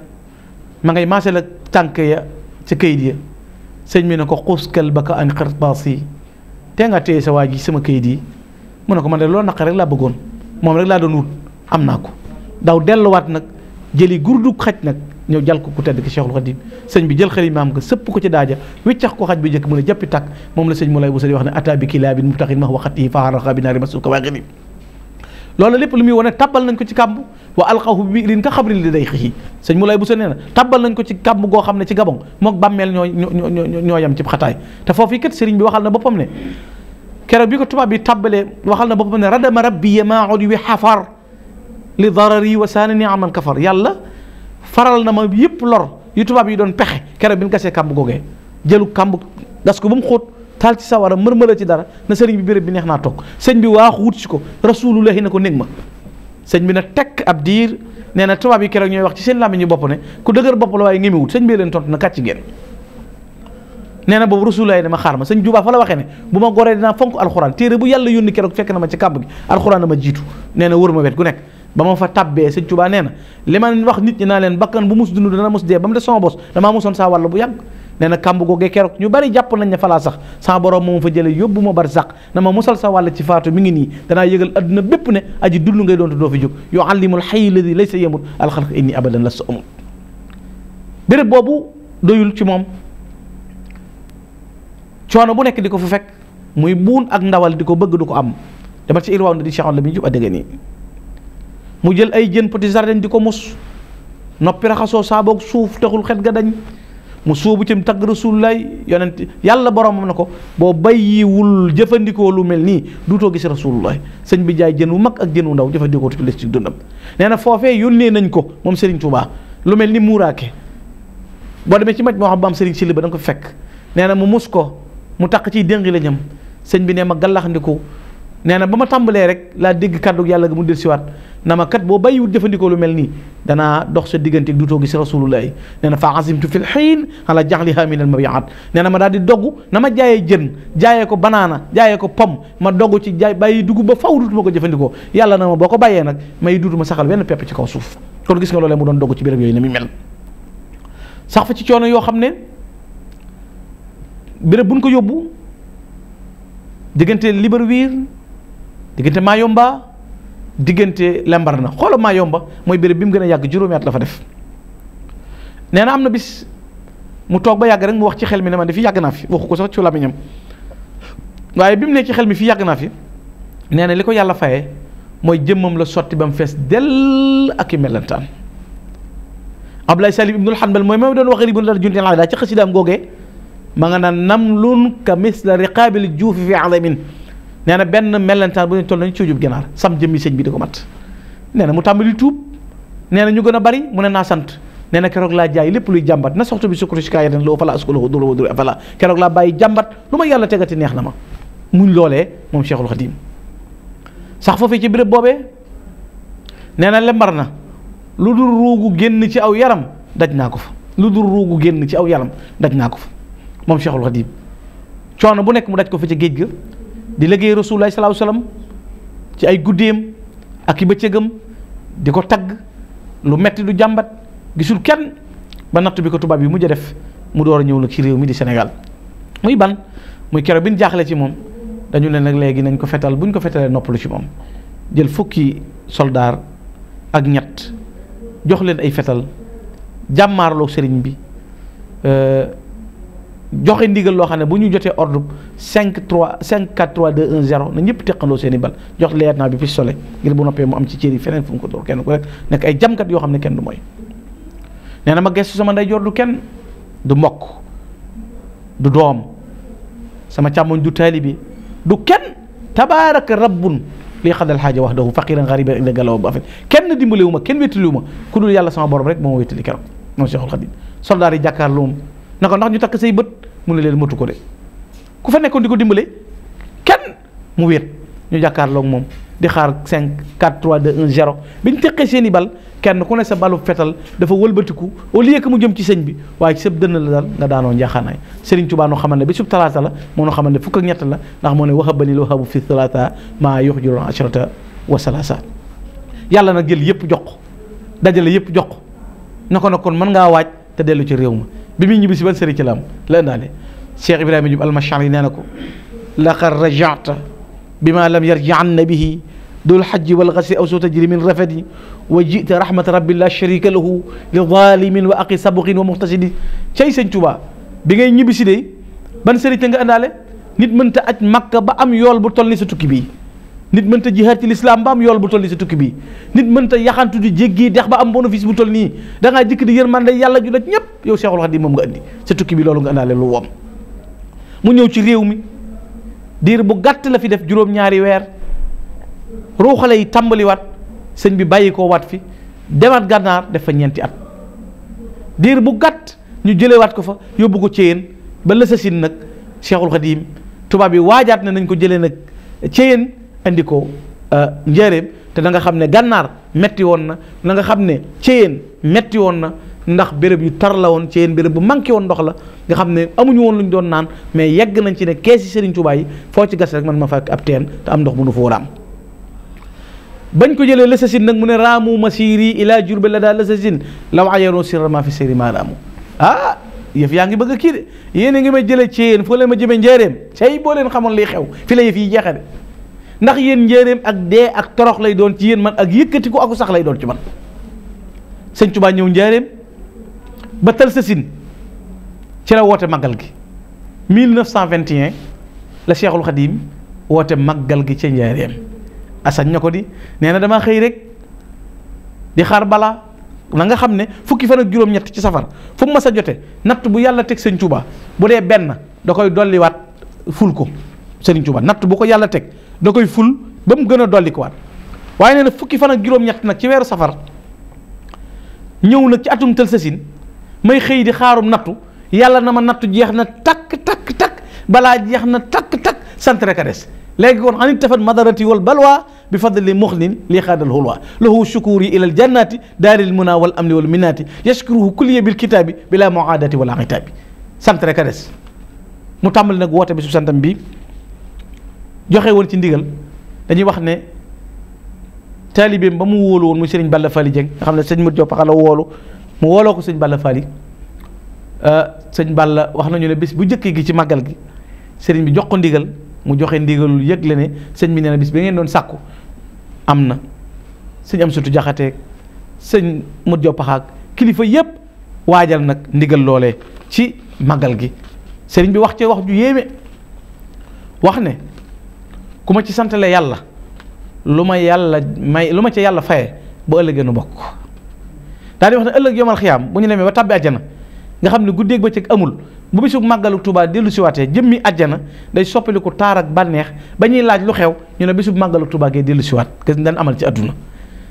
Speaker 2: ma ngay maase la tànk ya ca kayit ya sëñ bi ne ko xuuskal ba ka an xirtaas yi tee nga téye sa waa ji sama kayit yi mu ne ko man de loo naqar rek laa bëggoon moom rek laa doon wut am naa ko daw delluwaat nag jëli gurdu xaj nak ñëw jal ko ku tedd ci Cheikhul Khadim sëñ bi jël xel imam ga sëpp ko ci daaja wéccax ko xaj bi jëk mu ne jàppi tak mom la sëñ mu lay bu sëñ wax na atabi kilabin kilaabin mutaxin max fa faaraxa bi naari masul ko waaxinim loolu lépp lu muy wane tabal nañ ko ci kambu wa alqahu bi biirin ka khabri li day xixi sëñ mu lay bu sa tabal nañ ko ci kambu go xamne ci gabon mok bammel ñoy ñoo ñoo yam ci xataay te foofu kat señ bi waxal na bopam ne keroog bi ko tuba bi tabalé waxal na bopam ne radama rabbi yamaudi wi hafar li darari wa saanani aman kafar yàlla faral na ma yëpp lor yu tubaab yi doon pexe keroog bi ñu gasee kàmb googee jëlu kàmb gas ko ba mu xóot taal ci sawara mër mërmëla ci dara na sëriñ bi béréb bi neex naa toog sëñ bi waaxu wut si ko rasulullahi na ko néeg ma sëñ bi na tekk ab diir nee na tubaab yi keroog ñooy wax ci seen làmmiñ ñu bopp ne ku dëgër bopp la waaye ngémi wut sëñ bi leen tontu na kàcc ngeen nee boobu rasulullahi ne ma xaar ma sëñ bu ma goree dinaa fonk alxuraan téere bu yàlla yónni keroog fekk na ci kàmb gi alxuraan na ma jiitu na wër ma wet gu nekk ba ma fa tabbee sëñ Tuubaa nee na li ma wax nit ñi naa leen bakkan bu mu mus dund dana mus dee ba mu des sama bos damaa musoon saa wàll bu yàgg nee na kàmb googee keroog ñu bari jàpp nañ ne falaa sax saa borom moo ma fa jëlee yóbbu ma bar sax na musal sa wàll ci faatu mu ngi nii danaa yëgal adduna bépp ne aji dund ngay doon te doo fi jóg yoo allimul xayi ladi lay sa yemut alxalq inni abadan la sa amul béréb boobu doyul ci moom coono bu nekk di ko fa fekk muy buun ak ndawal di ko bëgg ko am dama ci irwaaw na di Cheikh la muy jub a nii mu jël ay jeun petit jardin diko mus nopi raxaso sa bok suuf taxul xet ga dañ mu soobu cim tag rasulullah yonent yàlla boromam nako bo boo bàyyiwul jëfandikoo lu melni nii duutoo gis rasulullah señ bi jaay jeun wu mak ak jeun wu ndaw jëfandikoo tu ci dundam neena fofé foofee nañ ko mom señ Touba lu melni ni bo demé ci maj mo xam señ ci liba dang ko fekk neena mu mus mu tak ci la ñam señ bi nee ma gallaxndiku neena bama tambalé rek laa dégg mu ci wat na ma kat boo bàyyiwut jëfandikoo lu mel nii danaa dox sa diggante dutoo gis rasulullahi nee na fa azimtu fil xiin ala jaxliha min al mabiat nee na ma daal di dogg na ma jaayee jën jaayee ko banaana jaayee ko pom ma dogg ci jaay bàyyi dugub ba faw dutuma ko jëfandikoo yàlla na ma boo ko bàyyee nag may dutuma saxal benn pepp ci kaw suuf kon gis nga loolee mu doon dogg ci béréb yooyu na mi mel sax fa ci coono yoo xam ne béréb buñ ko yóbbu diggante Libreville diggante Mayomba digënté lambar na xol ma yomba moy bëre bi mu gën yàgg juróomi at la fa def néna amna bis mu tok ba yàgg rek mu wax ci xel mi ne man de fii yàgg naa fi waxu ko sax ci làmmiñam waaye bi mu ne ci xel mi fii yàgg na fi néna liko yàlla fayé moy jëmmam la soti bam fess del ak melantan ablay Abdoulaye Salim ibnul Hanbal moy ma doon wax ribun la junti la ci xassidam goge ma nga nan namlun lun ka misla riqaabil juufi fi alamin nee na benn mellentaan bu ñu toll nañu ci jub ginaar sam jëmmi sëñ bi di ko mat nee na mu tàmbali tuub nee na ñu gën a bari mu ne naa sant nee na keroog laa jaay lépp luy jàmbat na soxtu bi sukkur si kaay den loo fa la askuloo dula wa dula afala keroog laa bàyyi jàmbat lu ma yàlla tegati neex na ma muñ loolee moom Cheikhul Khadim sax foofee ci béréb boobee nee na lembar na lu dul ruugu génn ci aw yaram daj naa ko fa lu dul ruugu génn ci aw yaram daj naa ko fa moom Cheikhul Khadim coono bu nekk mu daj ko fa ci géej ga di liggéey rasulullahi salaa alayhi ci ay guddeem ak ba bëccëgam di ko tagg lu metti du jàmbat gisul kenn ba natt bi ko tubaab yi mu a def mu door a ñëw nag ci réew mi di Sénégal muy ban muy kero bi ñu jaaxle ci moom dañu ne nag léegi nañ ko fetal buñ ko fetalee nopp lu ci moom jël fukki soldaar ak ñett jox leen ay fetal jàmmaarloog sëriñ bi euh, joxe ndigal loo xam ne bu ñu jotee ordre 5 3 5 4 3 2 1 0 na ñëpp teqandoo seen i bal jox lieutenant bi pistolet ngir bu noppee mu am ci cëri feneen fu mu ko dóor kenn ku rek nekk ay jamkat yoo xam ne kenn du mooy nee na ma gestu sama ndeyjoor du kenn du mbokk du doom sama càmmoñ du taalibi du kenn tabaaraka rabbun lii xadal xaaja wax dahu faqiran xariban ila galaw ba afet kenn dimbalewu ma kenn wéttaliwu ma ku dul yàlla sama borom rek moo ma wéttali keroog moom Cheikhul Khadim soldaar yi jàkkaarloo na ko ndax ñu takk say mu ne leen matu ko de ku fa nekkoon di ko dimbale kenn mu wéet ñu jàkkaarloog moom di xaar cinq 4 3 2 1 0 biñ teqee seen i bal kenn ku ne sa balu fetal dafa wëlbatiku au li que mu jëm ci sëñ bi waaye ci sëb dënn la daal nga daanoo njaaxaanaay Serigne Touba noo xamante ne bi sub talaata la moo noo xamante ne fukk ak ñett la ndax moo ne waxabani la waxabu fi talaata maa yox juróom ashrata wa salaasa yàlla nag jël yëpp jox dajale yëpp jox ko na kon mën ngaa waaj te dellu ci réew ma بمين يبي سبب سر الكلام لا نالي شيخ إبراهيم يجيب المشعري نانكو لقد رجعت بما لم يرجع النبي دول الحج والغسل أو تجري من رفدي وجئت رحمة رب الله شريك له لظالم وأقي سبق ومحتسد شيء سنتوبا بيجي نبي سيدي بنسري تنجا نالي نتمنى أت مكة بأم يول بطل نسيتو كبير nit mënta jihaad ci lislaam ba am yool bu toll nii si tukki bi nit mënta yaxantu di jéggi dex ba am bénéfice bu toll nii da ngaa jikk di yërmande yàlla ju daj ñëpp yow Seexul Xadiim moom nga andi sa tukki bi loolu nga andaale lu wom mu ñëw ci réew mi diir bu gàtt la fi def juróom-ñaari weer ruuxale yi tàmbaliwaat sëñ bi bàyyi ko waat fi demaat gànnaar def fa ñeenti at diir bu gàtt ñu jëlewaat ko fa yóbbu ko Ceyeen ba lësasin nag Seexul Xadiim tubaab bi waajaat ne nañ ko jëlee nag andi ko euh, njëreem te da nga xam ne gànnaar metti woon na na nga xam ne ceyeen metti woon na ndax béréb yu tar la woon ceyeen béréb bu manqué woon ndox la nga xam ne amuñu woon lu ñu doon naan mais yegg nañ ci ne keesi Serigne Touba yi foo ci gas rek man ma fekk ab teen te am ndox mu nu fa war a am bañ ko jëlee lësasin nag mu ne raamu masiri ilaa jurbe la daa lësasin law ayaroo sirrama fi séri ma raamu ah yëf yaa ngi bëgg a kii de yéen a ngi may jëlee ceyeen foo leen ma jëmee njëreem s boo xamoon liy xew fi la ndax yéen njéeréem ak dee ak torox lay doon ci yéen man ak yëkkati ko aku sax lay doon ci man sëñ Tuubaa ñëw njéeréem ba tal sa sin ci la woote màggal gi 1921 la Cheikhul Khadim woote màggal gi ca njéeréem asañ na ko di nee na damaa xëy rek di xaar balaa na nga xam ne fukki fan ak juróom-ñett ci safar fu mu mas a jote natt bu yàlla teg sëñ Tuubaa bu dee benn da koy dolliwaat ful ko sëriñ Tuubaa natt bu ko yàlla teg da koy ful ba mu gën a dollikuwaat waaye nee fukki fan ak juróom-ñett nag ci weeru safar ñëw nag ci atum tëlsasin may xëy di xaarum nattu yàlla na ma nattu jeex na takk takk takk balaa jeex na takk takk sant rek a des kon an ittafat madarati wal balwa bi fadli muxlin li xaadal xulwa lahu shukuri ila aljannati daaril muna wal amni wal minati yashkuruhu kulliya bil kitaabi bila muaadati wala xitaabi sant rek a mu tàmbali nag woote bi su santam bi joxe woon ci ndigal dañuy wax ne taalibeem ba mu wóolu woon mu sëriñ Balla Fally Dieng nga xam ne sëñ Modou Diop xala woolu mu wooloo ko sëñ Balla Fally euh, sëñ Balla wax nañu ne bis bu njëkk gi ci màggal gi sëriñ bi jox ko ndigal mu joxe ndigalul yëgle ne sëñ bi bis bi ngeen doon am na sëñ am sutu sëñ Modou Diop kilifa yépp waajal nag ndigal loolee ci màggal gi sëriñ bi wax ci wax ju yéeme wax ne ku ma ci santale yàlla lu ma yàlla may lu ma ci yàlla faye ba ëllëgee nu bokk daal di wax ne ëllëg yomal xiyaam bu ñu demee ba tàbbi àjjana nga xam ne guddeeg bëccëg amul bu bisu màggalu tubaa dellu siwaatee jëmmi àjjana day soppaliku taar ak bànneex ba ñuy laaj lu xew ñu ne bisu màggalu Tuubaa gee dellu siwaat gis dañ amal ci àdduna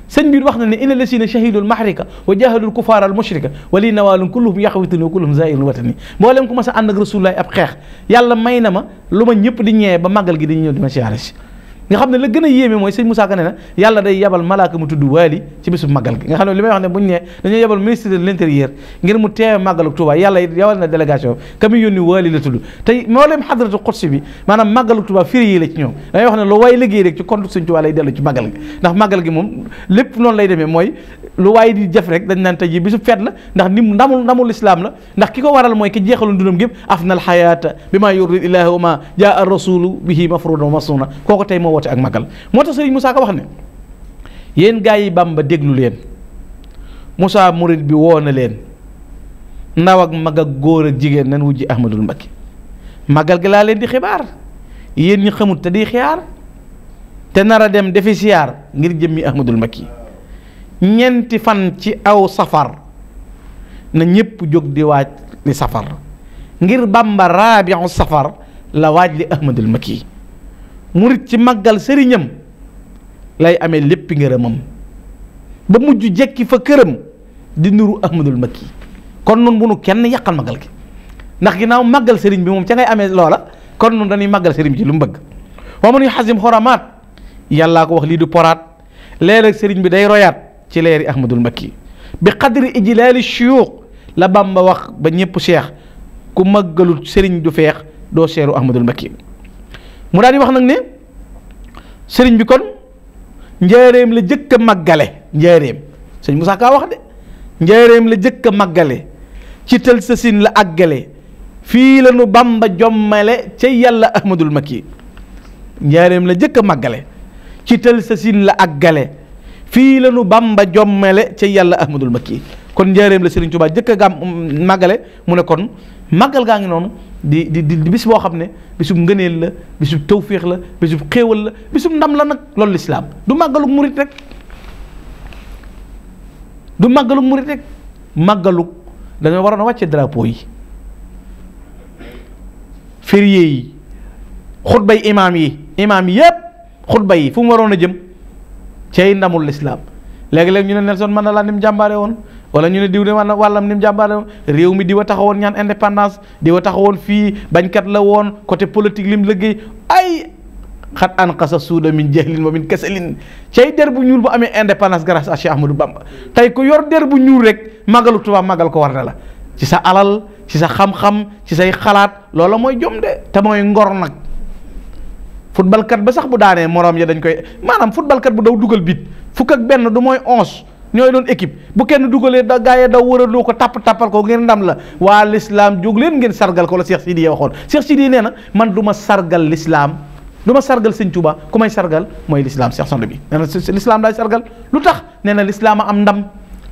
Speaker 2: سن بير وخنا ان الذين شهدوا المحرقه وجاهدوا الكفار المشركه ولي نوال كلهم يحوتون وكلهم زائر الوطن مولم كما سا رسول الله اب خيخ يالا ماينما لوما نيب دي نيي با ماغال دي نيو دي ما شارش nga xam ne la gën a yéeme mooy sëñ Moussa Ka ne na yàlla day yabal malaaka mu tudd waali ci bisub màggal gi nga xam ne li may wax ne buñu nee dañoo yabal ministre de l'intérieur ngir mu teewe màggalu Touba yàlla yabal na délégation ka muy yónni waali la tudd te moo leen xadratu xutsi bi maanaam màggalu Touba firi yi la ci ñoom damay wax ne lu waay liggéey rek ci compte sëñ Touba lay dellu ci màggal gi ndax màggal gi moom lépp noonu lay demee mooy lu waaye di jëf rek dañ naan tey jii bisu feet la ndax ni ndamul ndamul islaam la ndax ki ko waral mooy ki jeexaloon dundam gépp na xayaata bi maa yurdi ilaahi wa ma jaa ar rasulu bihi mafrudan wa masnuna kooko tey moo woote ak magal moo tax Serigne Moussa ko wax ne yéen gaa yi Bàmba déglu leen Moussa murid bi woo na leen ndaw ak mag góor ak jigéen nan wujji Ahmadul mbakki magal gi laa leen di xibaar yéen ñi xamut te di xiyaar te nar a dem defi siyaar ngir jëmmi Ahmadul Mbacke ñenti fan ci aw safar na ñépp jóg di waaj li safar ngir bàmba raabiu safar la waaj li ahmadul makki murit ci màggal sëriñam lay amee léppi ngërëmam ba mujj jekki fa këram di nuru ahmadul makki kon nun bu kenn yàqal màggal gi ndax ginnaaw màggal sëriñ bi moom ca ngay amee loola kon nun dañuy màggal sëriñ bi ci lu mu bëgg wa man yu xasim xoramaat yàllaa ko wax lii du poraat léeg-léeg sëriñ bi day royaat ci leeri ahmadul makki bi qadri ijlaali shuyuux la bamba wax ba ñépp seex ku màggalut sëriñ du feex doo seeru ahmadul maki mu daal di wax nag ne sëriñ bi kon njaareem la jëkk a màggale njaareem sëñ Moussa Ka wax la jëkk a màggale ci tël sa sin la àggale fii la nu bamba jommale ca yàlla ahmadul makki njaareem la jëkk a màggale ci tël sa sin la fii la nu bamba jommele ca yàlla ahmadul makki kon njaareem la Serigne Touba jëkk a gàm mm, màggale mu ne kon màggal gaa ngi noonu di di di bis boo xam ne bisub ngëneel la bisub tawféex la bisub xéewal la bisub ndam la nag loolu lislaam du màggalug murit rek du màggalug murit rek màggalug dañoo waroon a wàcce drapeau yi férié yi xutbay imaam yi imaam yépp xutba yi fu mu waroon a jëm cey ndamul lislaam léegi-léegi ñu ne man Mandela ni mu jàmbaare woon wala ñu ne diw de wàllam ni mu jàmbaare woon réew mi di wa taxawoon ñaan indépendance di wa taxawoon fii bañkat la woon côté politique lim liggéey ay xat an xasa suuda min jeexlin wa min keselin cey der bu ñuul bu amee indépendance grâce à Cheikh Ahmadou Bamba tey ku yor der bu ñuul rek magalu Tuubaa magal ko war na la ci sa alal ci sa xam-xam ci say xalaat loola mooy jom de te mooy ngor nag footballkat ba sax bu daanee moroom ya dañ koy maanaam footballkat bu daw dugal bit fukk ak benn du mooy onze ñooy doon équipe bu kenn dugalee da gaa yi daw wëraloo ko tapp tappal ko ngeen ndam la waa l'islam jóg leen ngeen sargal ko la Cheikh Sidi waxoon Cheikh Sidi nee na man duma ma sargal l'islam du ma sargal sëñ Tuuba ku may sargal mooy l'islam Cheikh Sonde bi nee na l'islam daay sargal lu tax nee na l'islam a am ndam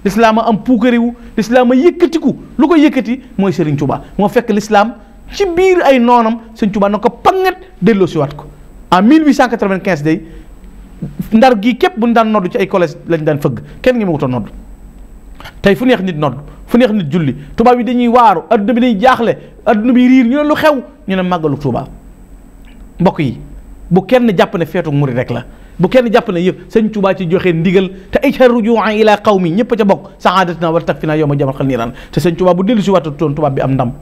Speaker 2: l'islam a am puukariwu l'islam a yëkkatiku lu ko yëkkati mooy Serigne Touba moo fekk l'islam ci biir ay noonam sëñ Tuuba na ko panget delloo siwaat ko en 1895 day ndar gii képp bu ñu daan nodd ci ay collège lañ daan fëgg kenn ngi ma wutoon nodd tey fu neex nit nodd fu neex nit julli tubaab yi dañuy waaru adduna bi day jaaxle adduna bi riir ñu ne lu xew ñu ne màggalu Tuubaa mbokk yi bu kenn jàpp ne feetu murid rek la bu kenn jàpp ne yëpp sëñ Tuubaa ci joxe ndigal te ayca rujuan ila qawmi ñëpp a ca bokk saadatina wala takfina yow ma jamal xal niiraan te sëñ Tuubaa bu dellu si waatu toon tubaab bu am ndam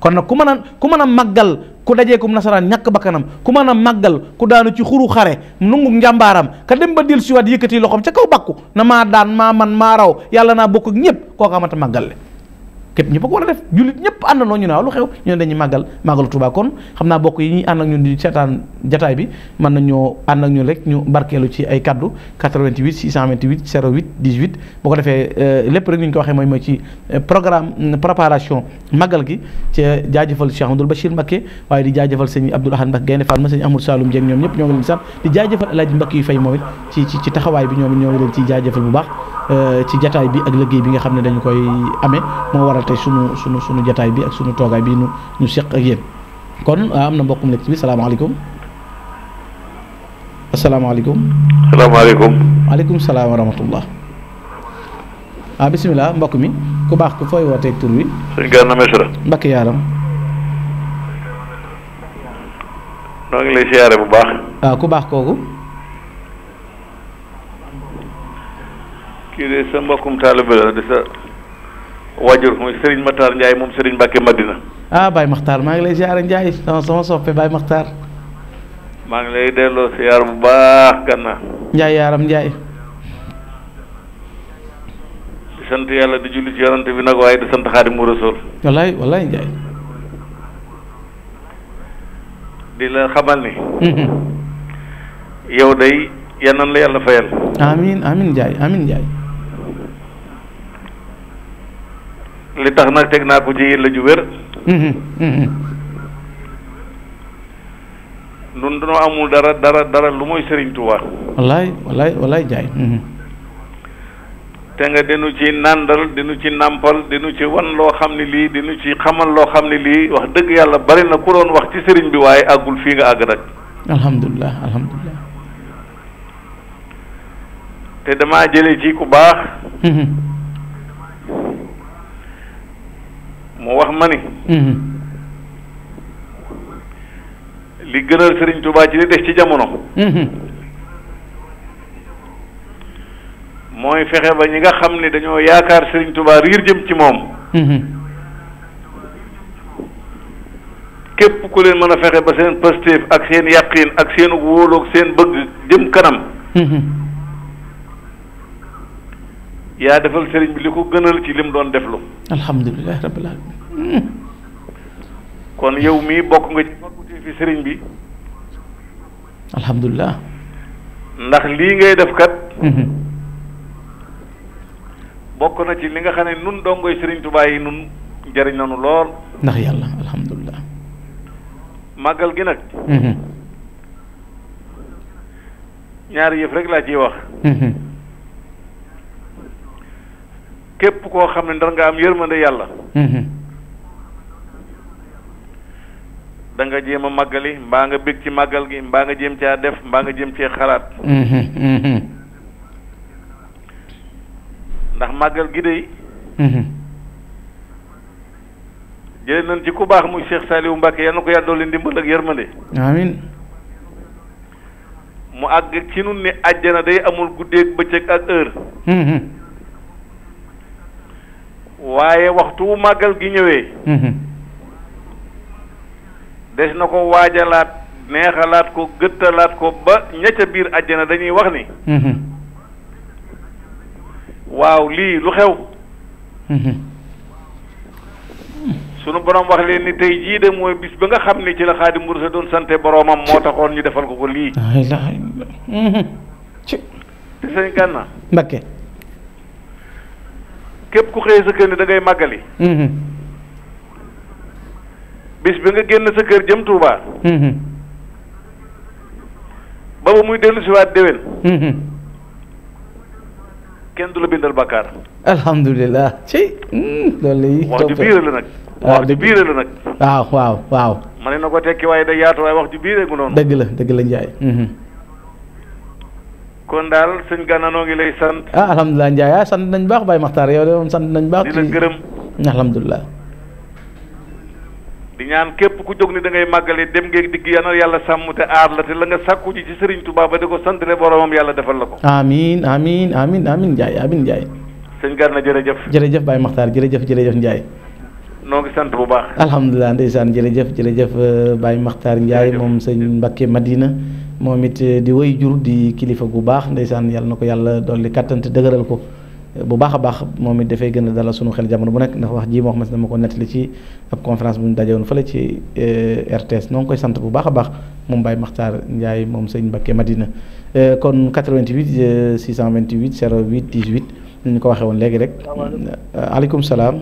Speaker 2: kon nag a ku mën ku dajeekum nasaraan ñàkk bakkanam ku mën a màggal ku daanu ci xuru xare nungu njàmbaaram ka dem ba dil siwaat yëkkati loxoom ca kaw bakku na maa daan maa man maa raw yàlla naa bokk ak ñëpp koo xamata màggal le képp ñi a ko war a def jullit ñëpp àndandoo ñu ne waaw lu xew ñu ne dañuy màggal màggalu Tuubaa xam naa bokk yi ñuy ànd ak ñun di seetaan jataay bi mën nañoo ànd ak ñun rek ñu barkeelu ci ay kaddu 88 628 08 18 boo ko defee euh, lépp rek ni ñu ko waxee mooy mooy ci euh, programme euh, préparation màggal gi ca jaajëfal Cheikh Amadou Bachir Mbacké waaye di jaajëfal sëñ Abdoul Ahad Mbacké Gaynde Fatma sëñ Amadou Saloum Dieng ñoom ñëpp ñoo ngi leen di sant di jaajëfal bi ñoom ñoo ngi leen jaajëfal bu baax Euh, ci jotaay bi ak liggey bi nga xamne dañ koy amé mo waral tay sunu sunu sunu jotaay bi ak sunu togaay bi ñu ñu seq ak yeen kon ah, am bi mbokkum alaykum assalamu alaykum asalaamaaleykum alaykum alaykum salaam wa rahmatullah ah bismillah mbokk mi ku bax ku foy wote tour wi
Speaker 3: sëñ gànna mesra mbak yaaram noo ngi lay siyaare bu baax
Speaker 2: ah ku baax kooku
Speaker 3: kii de sa mbokkum taalibe la de sa waajur muy Serigne Makhtar Ndiaye moom Serigne Mbacke Madina.
Speaker 2: ah Baye Makhtar maa ngi lay ziare Ndiaye sama sama soppe Baye Makhtar.
Speaker 3: maa ngi lay delloo siyaar bu baax gànna. Ndiaye yaaram Ndiaye. di sant yàlla di julli ci bi nag waaye di sant Xaadimu Rasuul. wallaay wallaay Ndiaye. di la xamal ni. Mhm. yow day yanan la yàlla fayal.
Speaker 2: amiin amiin Ndiaye amiin Ndiaye.
Speaker 3: li tax nag teg naa ko ci yéen la ju wér.
Speaker 2: Mhm, mhm.
Speaker 3: nun amul dara dara dara lu mooy Serigne Touba.
Speaker 2: wallaay wallaay wallaay jaay. Mhm.
Speaker 3: te nga dinu ci nàndal dinu ci nàmpal dinu ci wan loo xam ne lii dinu ci xamal loo xam ne lii wax dëgg yàlla bari na ku doon wax ci sëriñ bi waaye àggul fii nga àgg nag
Speaker 2: alhamdulilah alhamdulilah
Speaker 3: te damaa jële ci ku baax moo wax ma ni mhm. li gënal sëriñ tubaa ci li des ci jamono mhm. mooy fexe ba ñi nga xam ne dañoo yaakaar Serigne Touba riir jëm ci moom mhm. képp ku leen mën a fexe ba seen pastéef ak seen yàqiin ak seen wóolu seen bëgg jëm kanam yaa defal sëriñ bi li ko gënal ci lim doon def lu
Speaker 2: alhamdulilah rabbil
Speaker 3: alamin kon yow mii bokk nga ci faculté fi sëriñ bi alhamdulilah ndax lii ngay def kat mhm. bokk na ci li nga xam ne nun dongoy sëriñ Tuubaa yi nun jëriñ nanu lool
Speaker 2: ndax yàlla alhamdulilah
Speaker 3: màggal gi nag mhm. ñaari yëf rek laa ciy wax mhm. képp koo xam ne ndar nga am yërmande yàlla mm-hmm. da nga jéem a màggali mbaa nga bég ci màggal gi mbaa nga jéem caa def mbaa nga jéem cee xalaat
Speaker 1: mm-hmm. Mm-hmm.
Speaker 3: ndax màggal gi dey jële nañ ci ku baax muy Cheikh Saliou Mbacke yal ko yàlla dolli dimbal ak yërmande amin mu àgg ci nu ne àjjana day amul guddeeg bëccëg ak heure waaye waxtu wu màggal gi ñëwee mhm. des na ko waajalaat neexalaat ko gëttalaat ko ba ña biir àjjana dañuy wax ni mhm. waaw lii lu xew mhm. sunu borom wax leen ni tey jii de mooy bis ba nga xam ne ci la xaadim bu rasuul doon sante boromam moo taxoon ñu defal ko ko lii te sëñ Gana Mbakke képp ku xëy sa kër ni da ngay bis bi nga génn sa kër jëm Touba. Mm-hmm. ba muy dellusiwaat si waat déwén. Mm-hmm. kenn du la bindal bàkkaar.
Speaker 2: alhamdulilah
Speaker 3: ci mm,
Speaker 2: loolu wax wax ju biire nag. Ah, waaw ah, waaw waaw.
Speaker 3: ma ne na ko tekki waaye day yaatu waaye wax ju biire gu noonu. dëgg
Speaker 2: la dëgg la Ndiaye.
Speaker 3: Mm-hmm. kon daal sëñ Gana noo ngi lay sant.
Speaker 2: ah alhamdulilah Ndiaye ah, sant nañ baax Baye Makhtar yow de moom sant nañ baax. gërëm alhamdulilah.
Speaker 3: képp ku jóg ni da ngay màggali dem yàlla sàmm te aar la te la nga ba di ko sant yàlla defal la ko.
Speaker 2: amiin amiin amiin amiin Ndiaye amiin Ndiaye.
Speaker 3: sëñ Gana jërëjëf.
Speaker 2: jërëjëf Baye Makhtar jërëjëf jërëjëf Ndiaye.
Speaker 3: noo ngi sant bu baax.
Speaker 2: alhamdulilah ndeysaan jërëjëf jërëjëf Baye Makhtar Ndiaye moom sëñ Mbacké Madina moom it eh, di way jur di kilifa gu baax ndeysaan yàlla na ko yàlla dolli kàttante dëgëral ko eh, bu baax a baax moom it dafay gën a dalal sunu xel jamono bu nekk ndax wax ji moo xam ne dama ko nettali ci ab conférence bu ñu dajewoon fële ci eh, RTS noo ngi koy sant bu baax a baax moom Baye Makhtar Ndiaye moom sëñ Mbacké Madina kon 88 628 08 18 ni ñu ko waxee woon léegi rek. aleykum salaam.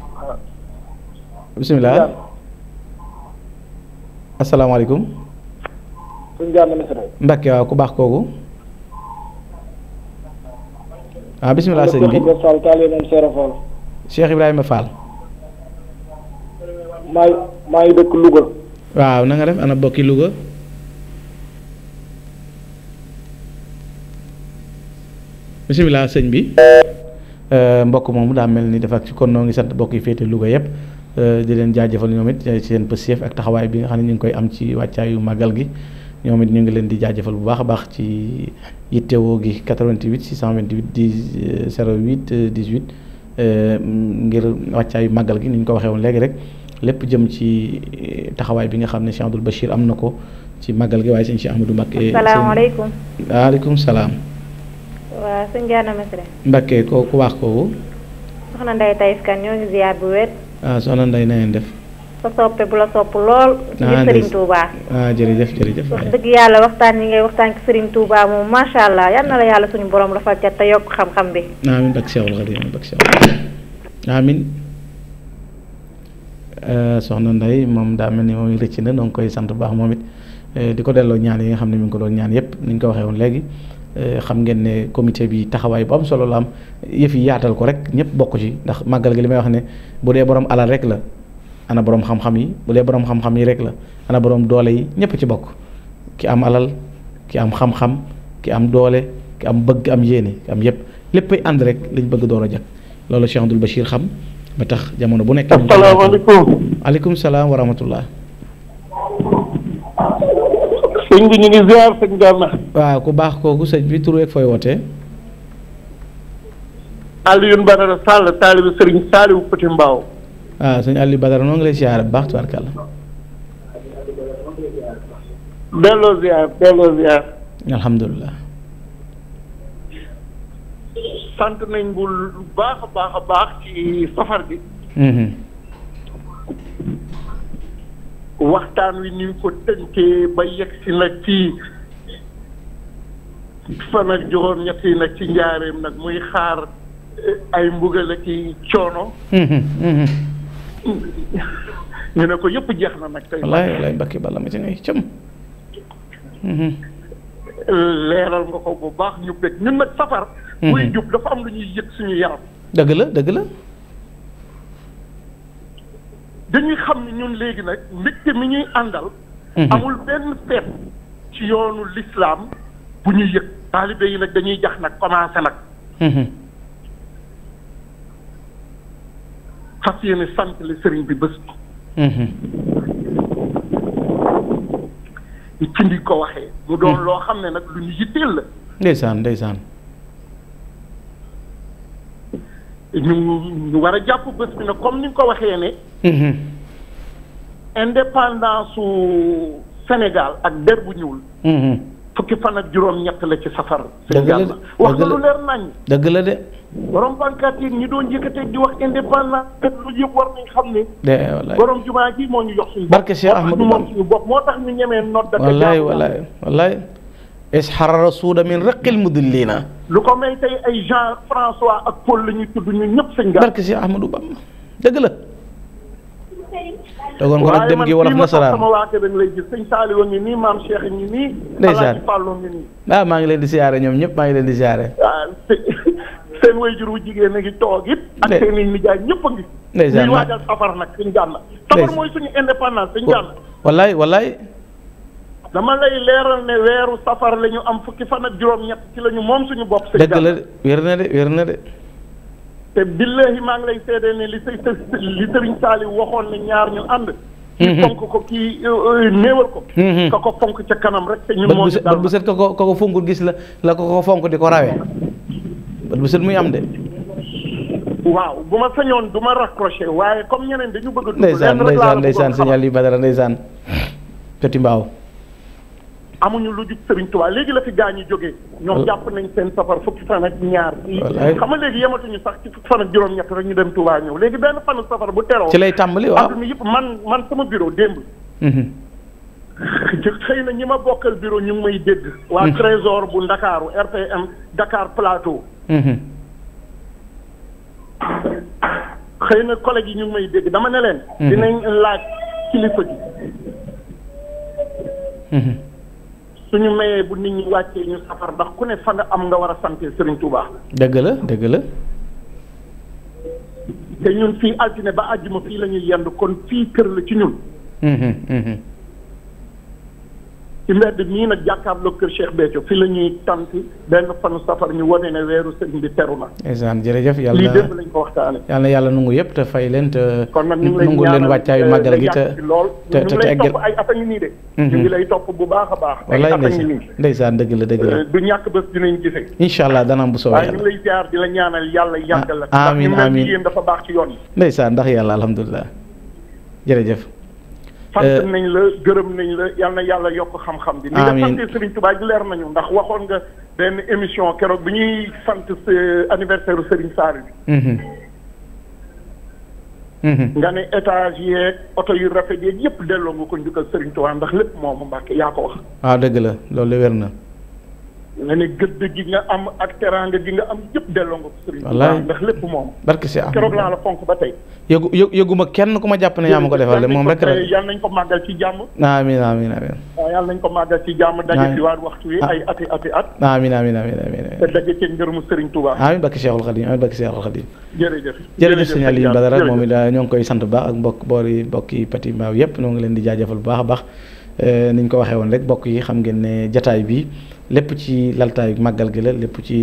Speaker 2: Ah. bisimilah. asalaamaaleykum.
Speaker 3: suñu jaar na
Speaker 2: waaw ku baax kooku. ah bisimilah sëñ bi Cheikh Ibrahima Fall.
Speaker 3: maa ngi dëkk Louga.
Speaker 2: waaw na def ana bokki Louga. bisimilah sëñ bi. Euh, mbokk moomu daa mel ni dafa ci kon noo ngi sant mbokk yi féete Louga yëpp euh, di leen jaajëfal ñoom it ci seen pësiyëf ak taxawaay bi nga xam ne ñu ngi koy am ci wàccaayu màggal gi. ñoom it ñu ngi leen di jaajëfal bu baax baax ci yittewoo gi 88 sero 10 08 18 ngir wàccaayu màggal gi ni ñu ko waxee woon léegi rek lépp jëm ci euh, taxawaay bi nga xam ne Cheikh Abdoul Bachir am na ko ci màggal gi waaye sëñ Cheikh Ahmadou Mbacké. salaamaaleykum waaleykum salaam.
Speaker 3: waaw sëñ Gana Messere.
Speaker 2: Mbacké kooku wax kooku.
Speaker 3: soxna Ndeye Taïf ñoo ngi ziar bu wér.
Speaker 2: ah soxna Ndeye na leen def.
Speaker 3: sosoppe bu la sopp lool ngir Touba
Speaker 2: ah jërëjëf jërëjëf wax
Speaker 3: dëgg yàlla waxtaan yi ngay waxtaan ki sëriñ Touba moom masha allah yal na la yàlla suñu borom la fa cat te yokk xam-xam bi
Speaker 2: amin bak seexul xadim bak seexul amin soxna nday moom daa mel ni moom rëcc na noo koy sant baax moom it di ko delloo ñaan yi nga xam ne mi ngi ko doon ñaan yépp ni ñu ko xam ngeen ne comité bi taxawaay bu am solo la am yëf yi yaatal ko rek ñëpp bokk ci ndax màggal gi wax ne bu borom alal rek la ana borom xam-xam yi bu dee borom xam-xam yi rek la ana borom doole yi ñepp ci bokk ki am alal ki am xam-xam ki am doole ki am bëgg am yéene ki am yépp léppay ànd rek lañ bëgg doora a loolu Cheikh abdul bashir xam ba tax jamono bu nekk. asalaamaaleykum alaykum salaam wa rahmatullah. sëñ bi ñu ngi ziar sëñ Gana. waaw ku baax kooku sëñ bi turu ak fooy wootee.
Speaker 4: aliyun barara Sall taalibu Serigne Petit
Speaker 2: waaw ah, sëñ Aliou Badara noo ngi lay siyaare bu baax tubaarkàlla.
Speaker 4: delloo alhamdulilah. sant nañ bu baax a baax a baax ci safar bi. Mm-hmm. waxtaan wi ni ko tënkee ba yegg si nag ci fan ak juróom-ñett yi nag ci njaareem nag muy xaar eh, ay mbugal ak ci coono.
Speaker 2: Mm-hmm, mm-hmm.
Speaker 4: ñu ne ko yëpp jeex na nag. tey wallaay wallaay
Speaker 2: Mbacke ma ci ne cëm. Mhm.
Speaker 4: leeral nga ko bu baax ñu bëgg ñun nag safar. muy mhm. jub dafa am lu ñuy yëg suñu yaram.
Speaker 2: dëgg la dëgg la.
Speaker 4: dañuy xam ni ñun léegi nag mbégte mi ñuy àndal. Mhm. amul benn feet ci yoonu lislaam bu ñu yëg. taalibe yi nag dañuy jax nag commencé
Speaker 1: nag.
Speaker 4: fas yéene sant le sëriñ bi bés bi mhm. ñu cindi ko waxee mu doon mhm. loo xam ne nag lu ñuy yitteel la
Speaker 2: ndeysaan ndeysaan
Speaker 4: ñu ñu war a jàpp bés bi nag comme ni nga ko waxee ne mhm. indépendance Sénégal ak der bu ñuul fukki fan ak juróom ñett la ci safar Sénégal la wax na lu leer nañ dëgg la de borom bànqaat yi ñu doon yëkkateeg lu yëpp war nañ xam ne. moo ñu jox suñu bopp. barke moom suñu bopp moo tax ñu ñemee noot. wallaay wallaay
Speaker 2: wallaay. isharara suuda lu
Speaker 4: ko ay Jean François ak la ñuy tudd ñëpp sëñ ga. barke Cheikh Ahmadou Bamba dëgg la. dogoon ko nag dem gi wolof nasaraan sama waa
Speaker 2: ah, maa ngi leen di siyaare ñoom ñëpp maa ngi leen di siyaare.
Speaker 4: Ah, seen wayjur wu jigéen a ngi toog it. ak seen i nijaay ñëpp a ngi. ndeysaan ñuy waajal safar nag suñu jàmm. safar mooy suñu indépendance suñu jàmm.
Speaker 2: wallaay wallaay.
Speaker 4: dama lay leeral ne weeru safar lañu am fukki fan ak juróom-ñett ci la moom suñu bopp. suñu jàmm dëgg
Speaker 2: de wér na de.
Speaker 4: te billahi maa ngi lay seede ne li say li Sëriñ Saali waxoon ne ñaar ñu ànd. ki mhm. fonk ko kii euh, euh, néewal ko. Mhm. ka ko fonk ca kanam rek te ñun. moo ci dal bu
Speaker 2: set ka ko ka ko funkul gis la la fonk di ko rawee. ba bu set muy am de.
Speaker 4: waaw bu ma sañoon du ma raccroché waaye comme ñeneen dañu bëgg a. ndeysaan ndeysaan ndeysaan signal
Speaker 2: yi Badara ndeysaan Petit Mbao.
Speaker 4: amuñu lu jub Serigne Touba léegi la fi gaa ñi jóge ñoom oh. jàpp nañ seen safar fukki fan ak ñaar. wallaay xam nga léegi yematuñu sax ci fukki fan ak juróom-ñett rek ñu dem Touba ñëw léegi benn fanu safar bu tero ci lay tàmbali waaw àdduna yëpp man man sama bureau démb. Mhm. [LAUGHS] xëy na ñi ma bokkal bureau ñu may dégg. waa mhm. Trésor bu Ndakaaru RPM Dakar Plateau. Mhm. xëy na collègue yi ñu may dégg dama ne leen. Mhm. dinañ laaj kilifa gi. Mhm. suñu mayee bu nit ñi wàccee ñu safar ndax ku ne fa nga am nga war a sant Serigne Touba.
Speaker 2: dëgg la dëgg la.
Speaker 4: te ñun fii altine ba àjjuma fii la yend kon fii kër la ci ñun. ci mbedd mii nag jàkkaarloo kër Cheikh Béthio fi la ñuy tant benn fanu safar ñu wane ne weeru sëñ bi teru na.
Speaker 2: ndeysaan jërëjëf yàlla
Speaker 4: lii
Speaker 2: yàlla yàlla nungu yëpp te fay leen kon nag ñu ngi lay eh,
Speaker 4: topp a ngi nii de. Mhm. ñu ngi lay topp bu baax a baax. wallaay
Speaker 2: ndeysaan dëgg la dëgg la. Eh,
Speaker 4: du ñàkk bés dinañ gisee.
Speaker 2: incha allah dana bu soobee yàlla waaye ñu
Speaker 4: ngi lay ziar yàlla yàggal la. Ah, amiin
Speaker 2: ndax yàlla alhamdulilah jërëjëf
Speaker 4: sant euh, nañ la gërëm nañ la yal na yàlla yokk xam-xam bi. amiin ni nga sant Serigne Touba ji leer nañu ndax waxoon nga benn émission keroog bi ñuy sant euh, anniversaire Serigne Saliou
Speaker 1: bi. Mhm. Mhm.
Speaker 4: nga ne étage yeeg oto yu rafet yeeg yëpp delloo nga ko njukkal Serigne Touba ndax lépp moomu Mbàkke yaa ko wax.
Speaker 2: ah dëgg la loolu wér na.
Speaker 4: nga ne gëdd gi nga am ak teraanga gi nga am yëpp delloo nga ko sëriñ wallaay moom
Speaker 2: barke si am keroog laa yëgu yëguma kenn ku ma jàpp ne yaa ko defal moom rek rek yàlla
Speaker 4: nañ jàmm
Speaker 2: amiin amiin amiin
Speaker 4: waaw ko màggal ci jàmm daje ci waat waxtu wi ah. ay ati ati at
Speaker 2: amiin amiin amiin amiin te
Speaker 4: daje ci ngërëmu sëriñ Touba amiin
Speaker 2: barke Cheikhul Khadim amiin barke Cheikhul Khadim
Speaker 4: jërëjëf jërëjëf
Speaker 2: ñoo ngi koy sant baax ak bokk boor yi mbokk yi Petit Mbao yëpp ñoo ngi leen di jaajëfal bu baax a baax eh, niñ ko waxee woon rek bokk yi xam ngeen ne jataay bii lépp ci laltaayu màggal gi la lépp ci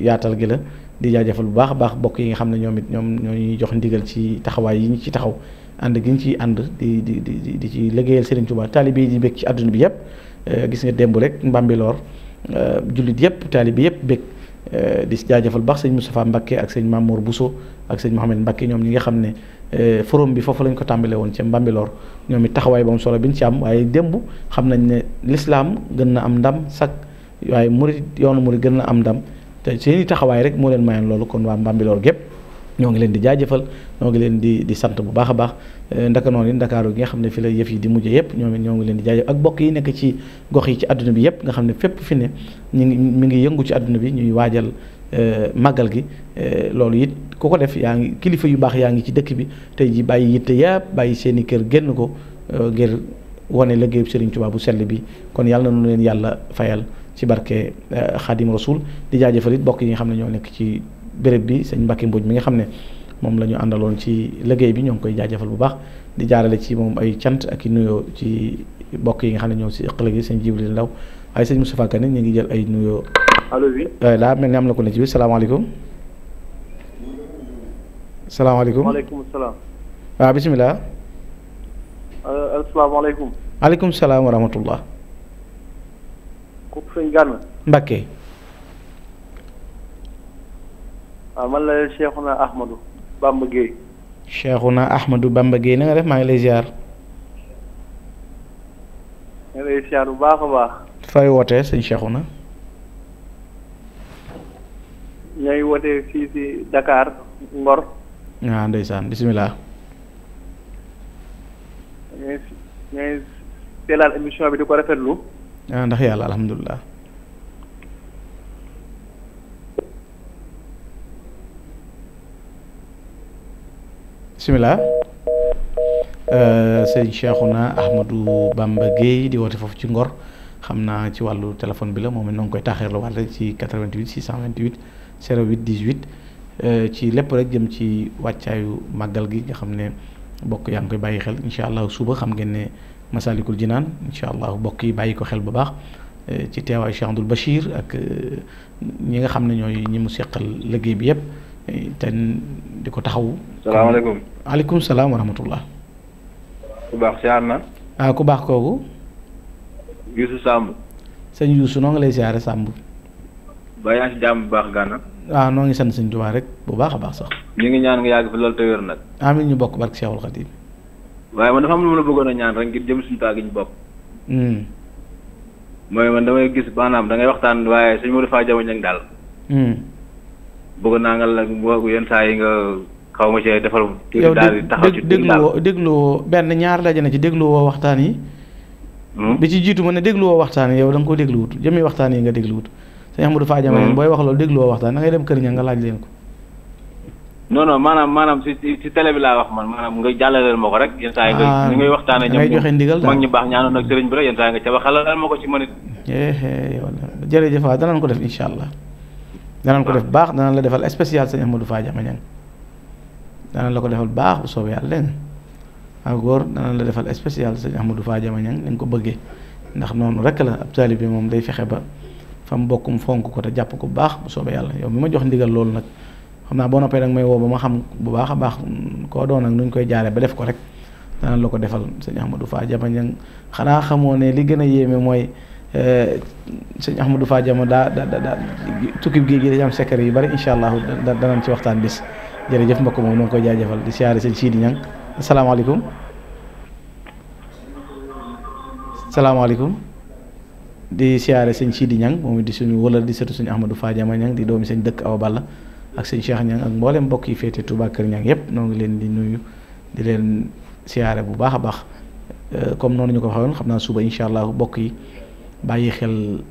Speaker 2: yaatal gi la di jaajëfal bu baax a baax bokk yi nga xam ne ñoom it ñoom ñoo ñuy jox ndigal ci taxawaay yi ñu ci taxaw ànd gi ñu ciy ànd di di di di ci liggéeyal Serigne Touba taalibe yi di bég ci àdduna bi yëpp euh, gis nga démb rek Mbambilor euh, jullit yëpp taalibe yëpp bég euh, di jaajëfal baax sëñ Moustapha Mbakke ak sëñ Mamour Bousso ak sëñ Mohamed Mbakke ñoom li nga xam ne Euh, forum bi foofu lañ ko tàmbale woon ci Mbambilor ñoom it taxawaay ba mu solo bi ñu ci am waaye démb xam nañ ne lislaam gën na am ndam sax waaye murid yoonu murid gën na am ndam te seeni taxawaay rek moo leen mayoon loolu kon waa Mbambilor gépp ñoo ngi leen di jaajëfal ñoo ngi leen di di sant bu baax a baax euh, ndaka noonu yi ndakaaru gi nga xam ne fi la yëf yi di mujj yëpp ñoom it ñoo ngi leen di jaajëf ak bokk yi nekk ci gox yi ci àdduna bi yëpp nga xam ne fépp fi ne ñu Euh, magal gi euh, loolu it ku ko def yaa ngi kilifa yu baax yaa ngi ci dëkk bi tey ji bàyyi yitte yàpp bàyyi seen i kër génn ko euh, ngir wane liggéeyub Serigne Touba bu sell bi kon yàlla na nu leen yàlla fayal ci barke Xaadim Rasul di jaajëfal it bokk yi nga xam ne ñoo nekk ci béréb bi sëñ Mbacke Mbodj mi nga xam ne moom la ñu àndaloon ci liggéey bi ñoo ngi koy jaajëfal bu baax di jaarale ci moom ay cant ak i nuyoo ci bokk yi nga xam ne ñoo si ëq gi sëñ Jibril Ndaw waaye sëñ Moustapha Kane ñu ngi jël ay nuyoo allo oui. daa mel ni am na ko ne ci biir salaamaaleykum. salaamaaleykum maaleykum salaam. waaw ah, bisimilah.
Speaker 4: Euh, asalaamaaleykum.
Speaker 2: salaam wa rahmatullah.
Speaker 4: kooku sëñ Gana. Mbakke. waaw ah, man la Cheikhouna Ahmadou Bamba Gueye.
Speaker 2: Cheikhouna Ahmadou Bamba Gueye na nga def maa ngi lay ziar.
Speaker 3: maa ngi lay ziar bu baax a baax.
Speaker 2: fay wootee sëñ Cheikhouna.
Speaker 3: ñay
Speaker 4: wote fii ci Dakar mbor
Speaker 2: ah ya, ndeysaan bismillah
Speaker 4: ñay ñooy émission bi di ko rafetlu.
Speaker 2: ah ndax yàlla alhamdulilah. bisimilah. sëñ Cheikhouna Ahmadou Bamba Gueye di wote fofu ci Ngor xamna ci walu téléphone bi la momi it noo ngi koy taaxeerlu waat rek ci 88 628. 08 18 euh, ci lépp rek jëm ci wàccaayu màggal gi nga xam ne bokk yaa ngi koy bàyyi xel incha allah suba xam ngeen ne masalikul jinaan incha allah bokk yi bàyyi ko xel bu baax euh, ci teewaayu Cheikh Abdoul Bachir ak euh, ñi nga xam ne ñooy ñi mu seqal liggéey bi yëpp te di ko taxawu. salaamaaleykum aleykum salaam wa rahmatullah.
Speaker 3: ku baax si na.
Speaker 2: ah ku baax kooku.
Speaker 3: Youssou Samb.
Speaker 2: sëñ Youssou noo lay siyaare Samb.
Speaker 3: ba jam ngi si jàmm bu baax gànna
Speaker 2: waaw ah, noo ngi sant sëñ Tuubaa rek bu baax a baax sax
Speaker 3: ñu ngi ñaan nga yàgg fi loolu te wér nag
Speaker 2: amiin ñu bokk barke Seexul Xadiim
Speaker 3: waaye man dafa am lu ma la bëggoon a ñaan rek ngir jëm suñu taa gi ñu bokk hmm. mooy man damay gis maanaam da ngay waxtaan waaye sëñ Modou Fadio Dieng daal hmm. bëgg naa nga la boobu yenn saa yi nga xaw ma see defal yow
Speaker 2: deglu. ñaar ci waxtaan yi hmm? bi ci ne waxtaan yow da nga ko dégluwut waxtaan yi nga sëñ Amadou Fadia ma leen mm-hmm. booy wax loolu dégluwoo waxtaan da ngay dem kër ña nga laaj leen ko.
Speaker 3: non non maanaam maanaam si si télé bi laa wax man maanaam nga jàllaleel ma ko rek. yenn saa yi nga ah, ni ngay waxtaanee. ñoom ngay joxe ndigal daal mag ñu baax ñaanoon ak sëriñ bi rek yenn saa yi nga ca waxalal ma ko ci
Speaker 4: man it.
Speaker 2: Eh, eh, jërëjëf waaw danañ ko def incha allah. danañ ko ah. def baax danañ la defal spécial sëñ Amadou Fadia ma ñan danañ la ko defal baax bu soobee yàlla leen ak góor danañ la defal spécial sëñ Amadou Fadia ma ñan ni nga ko bëggee ndax noonu rek la ab taalibe bi moom day fexe ba fam mbokkum fonk ko ta japp ko bax bu soobee yalla yow mi jox ndigal lol nak xamna bo nopé nak may wo ba ma xam bu baxa bax ko do nak nuñ koy jare ba def ko rek da na lako defal seigne Ahmadou Fa jama ñang xana xamone li gëna yéme moy euh seigne Ahmadou Fa Jama da da da tukkib gi gi dañu am secret yu bari inshallah da danañ ci waxtaan bis jërëjëf mbokk moom noo ngi koy jaajëfal di siaré seigne Sidi Ñang assalamu alaykum di siare sëñ Sidi Ñang momi di suñu wala di sëtu suñu Ahmadou Fadiama Ñang di doomi sëñ dekk Awa Balla ak sëñ Cheikh Ñang ak mboolem mbokk yi fété Touba Kër Ñang yépp noo ngi leen di nuyu di leen siare bu baax baax euh, comme noonu ñu ko waxoon suba inshallah allah yi bayyi xel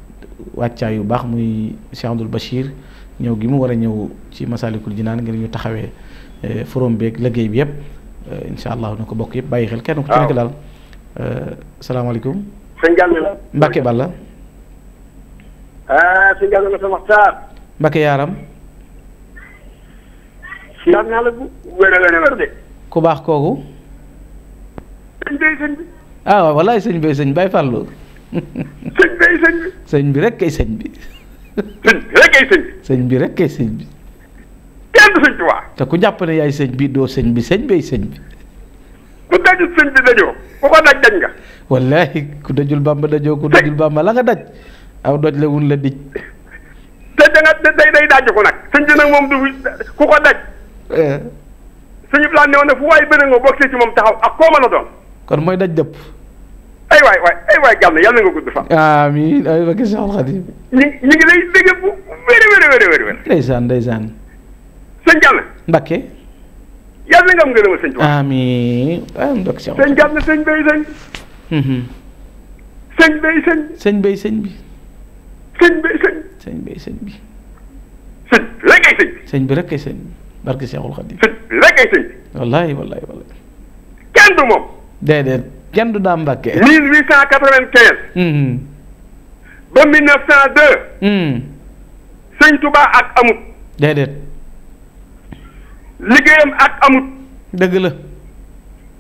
Speaker 2: wacca yu baax muy Cheikh abdul bashir ñew gi mu wara ñew ci masalikul jinan ngir ñu taxawee euh, forum ak liggéey bi yépp euh, inshallah allah mbokk ko bokk yépp bàyyi xel kenn ku ci nek dal Balla
Speaker 5: ah sëñ Diallo Moussa
Speaker 2: ku baax kooku. sëñ Bay sëñ bi. ah sëñ Bay sëñ Bay sëñ bi. sëñ rek kay sëñ bi. sëñ bi rek kay sëñ bi. sëñ bi rek kay sëñ bi. kenn sëñ ku jàpp ne sëñ bi doo sëñ bi sëñ sëñ bi. ku
Speaker 5: dajul sëñ bi dajoo ku ko daj daj nga.
Speaker 2: wallaahi ku dajul bàmba dajoo ku dajul bàmba la nga daj. aw doj la wun la dij
Speaker 5: te da nga day day daj ko nag sëñ bi nag moom du ku ko daj eh. suñu plan ne woon ne fu waay bëri nga bokk ci moom taxaw ak koo mën a doon
Speaker 2: kon mooy daj dëpp
Speaker 5: ay waay waay ay waay gàll yàlla na nga gudd fan
Speaker 2: amiin ay ba gis Seexul Xadiim
Speaker 5: ñu ñu ngi lay dégg bu
Speaker 2: wéri wéri wéri wéri wéri ndeysaan ndeysaan sëñ Gàll Mbakke
Speaker 5: yàlla na nga am ngërëmal
Speaker 2: sëñ Tuubaa amiin am ndok sëñ
Speaker 5: Gàll hmm, hmm. sëñ bay sëñ sëñ
Speaker 2: bay sëñ sëñ sëñ bi sëñ bi sëñ. sëñ bi sëñ bi. sëñ rek ay sëñ. sëñ bi rek ay sëñ barke Seexul Xadiim. sëñ rek ay sëñ. wallaay kenn du moom. déedéet kenn du daam Mbàkke. 1895.
Speaker 5: ba 1902. Hmm. sëñ Tubaa ak amut. déedéet. liggéeyam ak amut. dëgg la.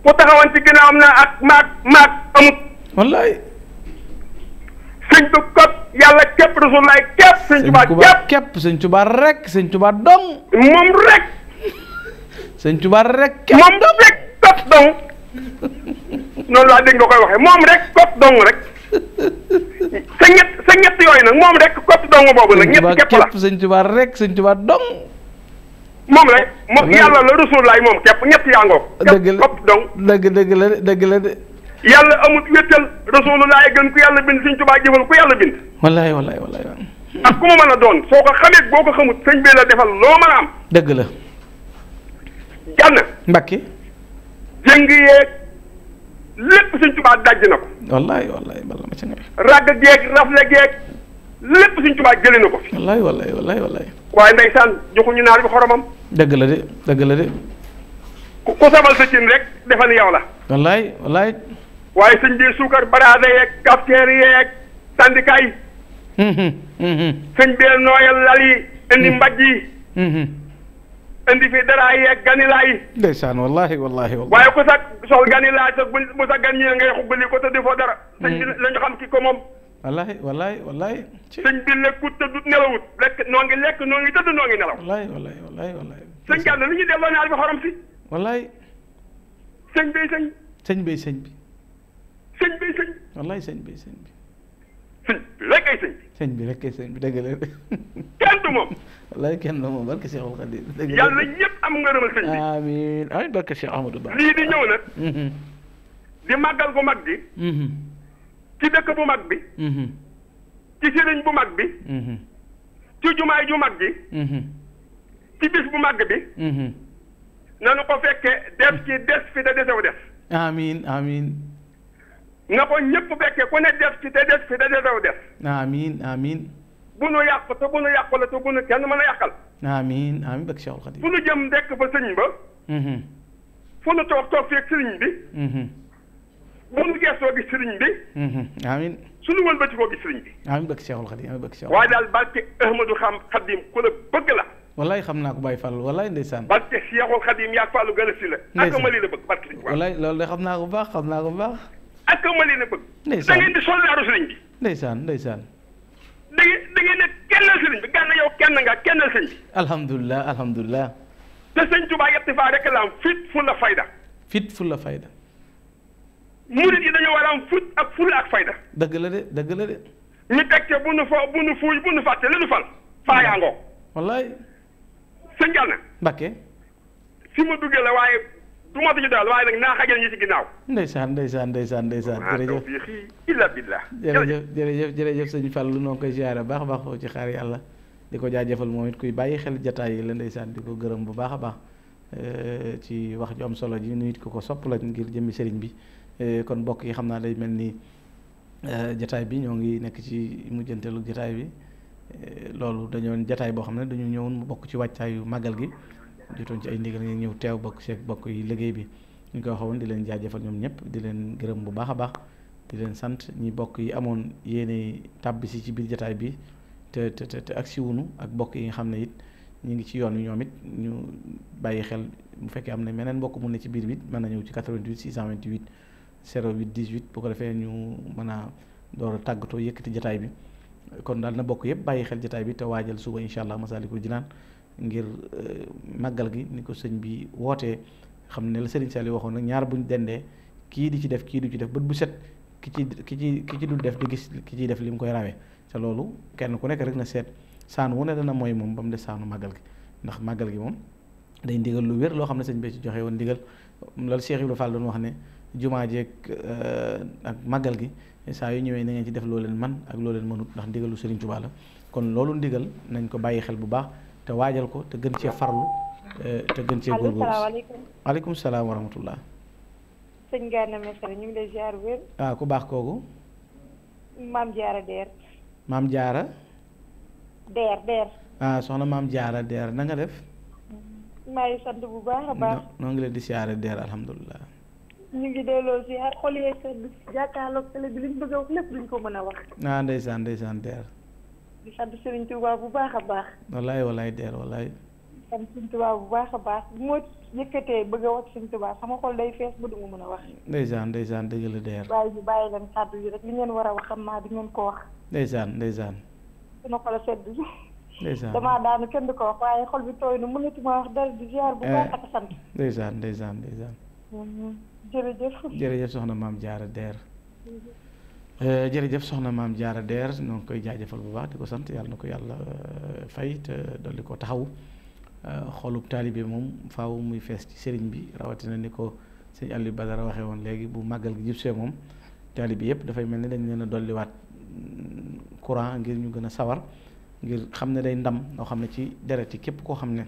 Speaker 5: ku taxawoon ci ginnaawam na ak maag maag amut. wallaay.
Speaker 2: sëñ bi kot. yàlla képp Rasulullah képp sëñ Tuubaa képp sëñ Tuubaa rek sëñ Tuubaa dong moom rek sëñ Tuubaa rek képp moom rek kot dong
Speaker 5: noonu laa dégg nga koy waxee moom rek kot dong rek sa ñett sa ñett yooyu nag moom rek kot dong boobu nag ñett képp la sëñ Tuubaa rek sëñ Tuubaa dong moom rek moom yàlla la Rasulullah moom képp ñett yaa ngoog dëgg la kot dëgg dëgg la de yàlla amut wéttal rasulullah gën ku yàlla bind suñ tubaa jëfal ku yàlla bind.
Speaker 2: wallaay wallaay wallaay.
Speaker 5: ak ku ma mën a doon soo ko xamee boo ko xamut sëñ bi la defal loo mën a am. dëgg la. jànn. mbakki. jëng yeeg lépp suñ tubaa daj na ko.
Speaker 2: wallaay wallaay bala
Speaker 5: ma ci ne. ràgg geeg rafle ko fi.
Speaker 2: wallaay wallaay wallaay wallaay.
Speaker 5: waaye naar bi xoromam.
Speaker 2: dëgg la de dëgg la de.
Speaker 5: ku sabal sa cin rek defal yow la.
Speaker 2: wallaay wallaay.
Speaker 5: waaye sëñ bi suukar baraade yeeg cafetière yeeg syndicat yi. sëñ bee nooyal lal yi indi mbaj yi. indi fi dara yeeg ganilaa yi.
Speaker 2: ndeysaan wallaahi wallaahi wallaahi.
Speaker 5: waaye ku sa soxla ganilaa sax bu bu sa gan ñëwee ngay xubbali ko te defoo dara. sëñ bi mm. la ñu xam ki ko moom. wallaahi wallaahi wallaahi. sëñ bi lekkut tëddut nelawut lekk noo ngi lekk noo ngi tëdd noo ngi nelaw. wallaahi
Speaker 2: wallaahi
Speaker 3: wallaahi
Speaker 5: sëñ li ñu delloo naar bi xorom si. wallaahi. sëñ bi
Speaker 2: sëñ. sëñ bi sëñ bi. sëñ bi sëñ bi. wallaay sëñ bi sëñ bi.
Speaker 3: sëñ bi rek ay sëñ
Speaker 2: bi. sëñ bi rek ay sëñ bi dëgg la. kenn du moom. wallaay kenn du moom barke Cheikhul Khadim. la am bi. ay barke Cheikh Ahmadou Ba. di ñëw nag. Mhm. di
Speaker 5: màggal bu mag bi. Mhm. ci dëkk bu mag bi. Mhm. ci bu mag bi. ci jumaay ju mag ji. ci bis bu mag bi. nanu ko fekke def ci des fi da def. na ko ñëpp fekkee ku ne def ci te des fi te desew def
Speaker 2: amin amin
Speaker 5: bu nu yàq te bu nu yàqule te bu nu kenn mën a yàqal
Speaker 2: amin amin bëgg Cheikh Khadim
Speaker 5: fu nu jëm dekk fa sëñ ba fu nu toog toog feeg sëriñ bi bu nu geesoo gis sëriñ
Speaker 2: bi amin
Speaker 5: suñu wëlbati koo gis sëriñ bi
Speaker 2: amin bëgg Cheikh Khadim amin bëgg Cheikh waaye daal
Speaker 5: barke Ahmadou xam Khadim ku la bëgg la
Speaker 2: wallaay xam naa ko Baye Fall wallaay ndeysaan
Speaker 5: barke Cheikhul Khadim yaa Fallu gën a si la ak ma lii la bëgg barke
Speaker 2: wallaay loolu de xam naa ko baax xam naa ko baax ak ma leen a bëgg. ndeysaan da ngeen di soldaaru sëriñ bi. ndeysaan ndeysaan.
Speaker 5: da ngeen da ngeen ne kennal sëriñ bi gànna yow kenn nga kennal
Speaker 2: sëriñ bi. alhamdulilah alhamdulilah.
Speaker 5: te sëñ Tuubaa yetti faa rek la am fit fu la fayda. fit fu la fayda. murit yi dañoo war a am fut ak ful ak fayda. dëgg la de dëgg la de. ñu teg ca bu nu fo bu nu fuuy bu nu fàtte li nu fal. faayaangoo. wallaay. sëñ Gana. Mbakke. fi ma duggee la waaye. du ma fi ñu daal waaye nag naa xajal ñu si ginnaaw.
Speaker 2: ndeysaan ndeysaan ndeysaan ndeysaan. jërëjëf illa billah jërëjëf jërëjëf jërëjëf sëñ Fallou noo koy ziare baax a baax ci xaar yàlla di ko jaajëfal moom it kuy bàyyi xel jataay yi la ndeysaan di ko gërëm bu baax a baax euh, ci wax ju am solo ji nit ko ko sopp la ngir jëmmi sëriñ bi euh, kon mbokk yi xam naa day mel ni euh, jataay bi ñoo ngi nekk ci mujjanteelu jataay bi loolu dañoon jataay boo xam ne dañu ñëwoon mu bokk ci wàccaayu màggal gi jotoon ci ay ndigal ñu ñëw teew bokk ci bokk yi liggéey bi ñu ko waxoon di leen jaajëfal ñoom ñëpp di leen gërëm bu baax a baax di leen sant ñi bokk yi amoon yéene tàbbi si ci biir jataay bi te te te ak siwunu ak bokk yi nga xam ne it ñu ngi ci yoon wi ñoom it ñu bàyyi xel bu fekkee am na meneen mbokk mu ne ci biir bi mën na ñëw ci 88 628 08 18 bu ko defee ñu mën a door a tàggatoo yëkkati jataay bi kon daal na bokk yëpp bàyyi xel jataay bi te waajal suba incha allah Masaalikul Jinaan ngir eh, màggal gi ni ko sëñ bi wootee xam ne la sëriñ Saliou waxoon nag ñaar buñ dendee kii di ci def kii du ci def bët bu set ki ci ki ci ki ci dul def di gis ki ciy def li mu koy rawee te loolu kenn ku nekk rek na seet saan wu ne dana mooy moom ba mu des saanu màggal gi ndax màggal gi moom day ndigal lu wér loo xam ne sëñ bi ci joxe woon ndigal loolu Cheikh Ibrahima Fall doon wax ne jumaa jeeg eh, ak màggal gi saa yu ñëwee na ngeen ci def loo leen man ak loo leen mënut ndax ndigalu Sëriñ Tuubaa la kon loolu ndigal nañ ko bàyyi xel bu baax te wajal ko te gën ci farlu te gën cee gor asalaamaaleykum alaykum salaam wa rahmatullah
Speaker 3: ganna me Messere ñu ngi lay ziar wër
Speaker 2: ah ku bax kooku
Speaker 3: mam jaara der mam jaara der der
Speaker 2: ah soxna mam jaara der. na nga def
Speaker 4: may sant bu baax baax
Speaker 2: no ngi lay di siyaare der. alhamdulilah
Speaker 4: ñu ngi delloo siyaar xol yee sedd jàkkaarloog télé bi liñ bëgg wax lepp duñ ko mëna wax
Speaker 2: na ah, ndaysan ndaysan der
Speaker 4: di sant Serigne Touba bu baax a baax.
Speaker 2: walaay walaay deer walaay.
Speaker 4: di sant Serigne Touba bu baax a baax bu ma yëkkatee bëgg a wax Serigne Touba sama xol day fees ba du ma a wax.
Speaker 2: ndeysaan ndeysaan dëgg la deer.
Speaker 4: waaye ñu war a wax xam naa di ngeen ko wax.
Speaker 2: ndeysaan ndeysaan.
Speaker 4: sama xol sedd. ndeysaan damaa daanu kenn du ko wax waaye xol bi tooy na mënatuma wax dara di ziar bu baax ak sant. Eh,
Speaker 2: ndeysaan ndeysaan ndeysaan.
Speaker 4: Mm-hmm. jërëjëf. jërëjëf
Speaker 2: soxna maam Diarra deer. Euh, jërëjëf soxna maam jaara deer ñoo ngi koy jaajëfal bu baax di ko sant yàlla na ko yàlla euh, fay te dolli ko taxaw euh, xolub taalibe moom faw muy fees ci sëriñ bi rawatina ni ko sëñ ba Badara waxee woon léegi bu màggal gi jubsee moom taalibe yëpp dafay mel ni dañ neen a dolliwaat mm, courant ngir ñu gën a sawar ngir xam ne day ndam loo xam ne ci deret yi képp koo xam ne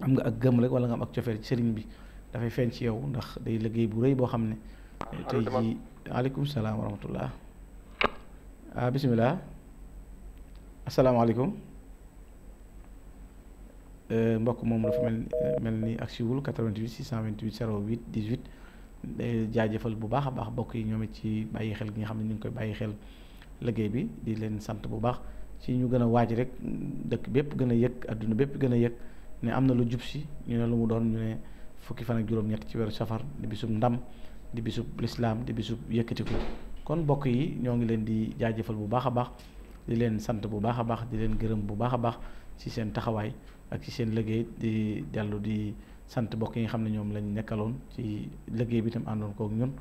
Speaker 2: am nga ak gëm rek wala nga am ak cofeel ci sëriñ bi dafay feeñ ci yow ndax day liggéey bu rëy boo xam ne Waalaikumsalam warahmatullah. Uh, bismillah. Assalamualaikum. mbokk mom la mel melni ni ak siwul 628 08 18 jaajëfal bu baax baax mbokk yi ñoom ci bàyyi xel gi nga xam ñu koy xel bi di leen sant bu baax ci ñu gën waaj rek dëkk bépp gën a yëg ne na lu jub si ñu ne lu mu doon ñu ne fukki fan ak ci safar di bisum ndam di bisub lislaam di bisub yëkkatiku kon mbokk yi ñoo ngi leen di jaajëfal bu baax a baax di leen sant bu baax a baax di leen gërëm bu baax a baax ci seen taxawaay ak ci seen liggéey di dellu di sant mbokk yi nga xam ne ñoom lañ nekkaloon ci liggéey bi tam àndoon kook ñun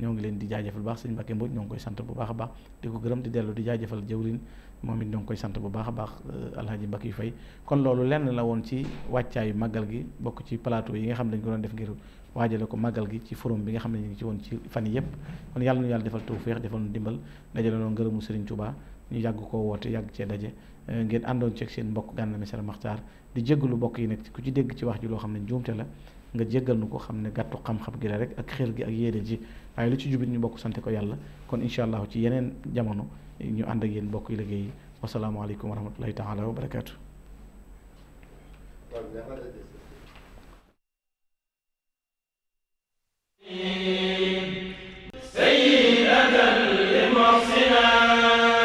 Speaker 2: ñoo ngi leen di jaajëfal bu baax sëñ Mbacke Mbodj ñoo ngi koy sant bu baax a baax di ko gërëm di dellu di jaajëfal jëwriñ moom it ñoo ngi koy sant bu baax a baax euh, alhaji Mbacke yu fay kon loolu lenn la woon ci wàccaayu màggal gi bokk ci plateau yi nga xam dañ ko doon def ngir waajale ko màggal gi ci forum bi nga xam ne ñu ngi ci woon ci fan yëpp kon yàlla nu yàlla defal tawféex defal nu dimbal dajale noonu ngërëmu Serigne Touba ñu yàgg ko woote yàgg cee daje eh, ngeen àndoon ci ak seen mbokk Gana Messere Maxtaar di jéggalu bokk yi nag ku ci dégg ci wax ji loo xam ne juumte la nga jéggal nu ko xam ne gàttu xam-xam gi la rek ak xel gi ak yéene ji waaye lu ci jubit ñu bokk sante ko yàlla kon incha allah ci yeneen jamono ñu ànd ak yéen mbokk yi liggéey yi wasalaamaaleykum wa rahmatullahi taala wa barakaatu
Speaker 3: سيد أجل لمعصنا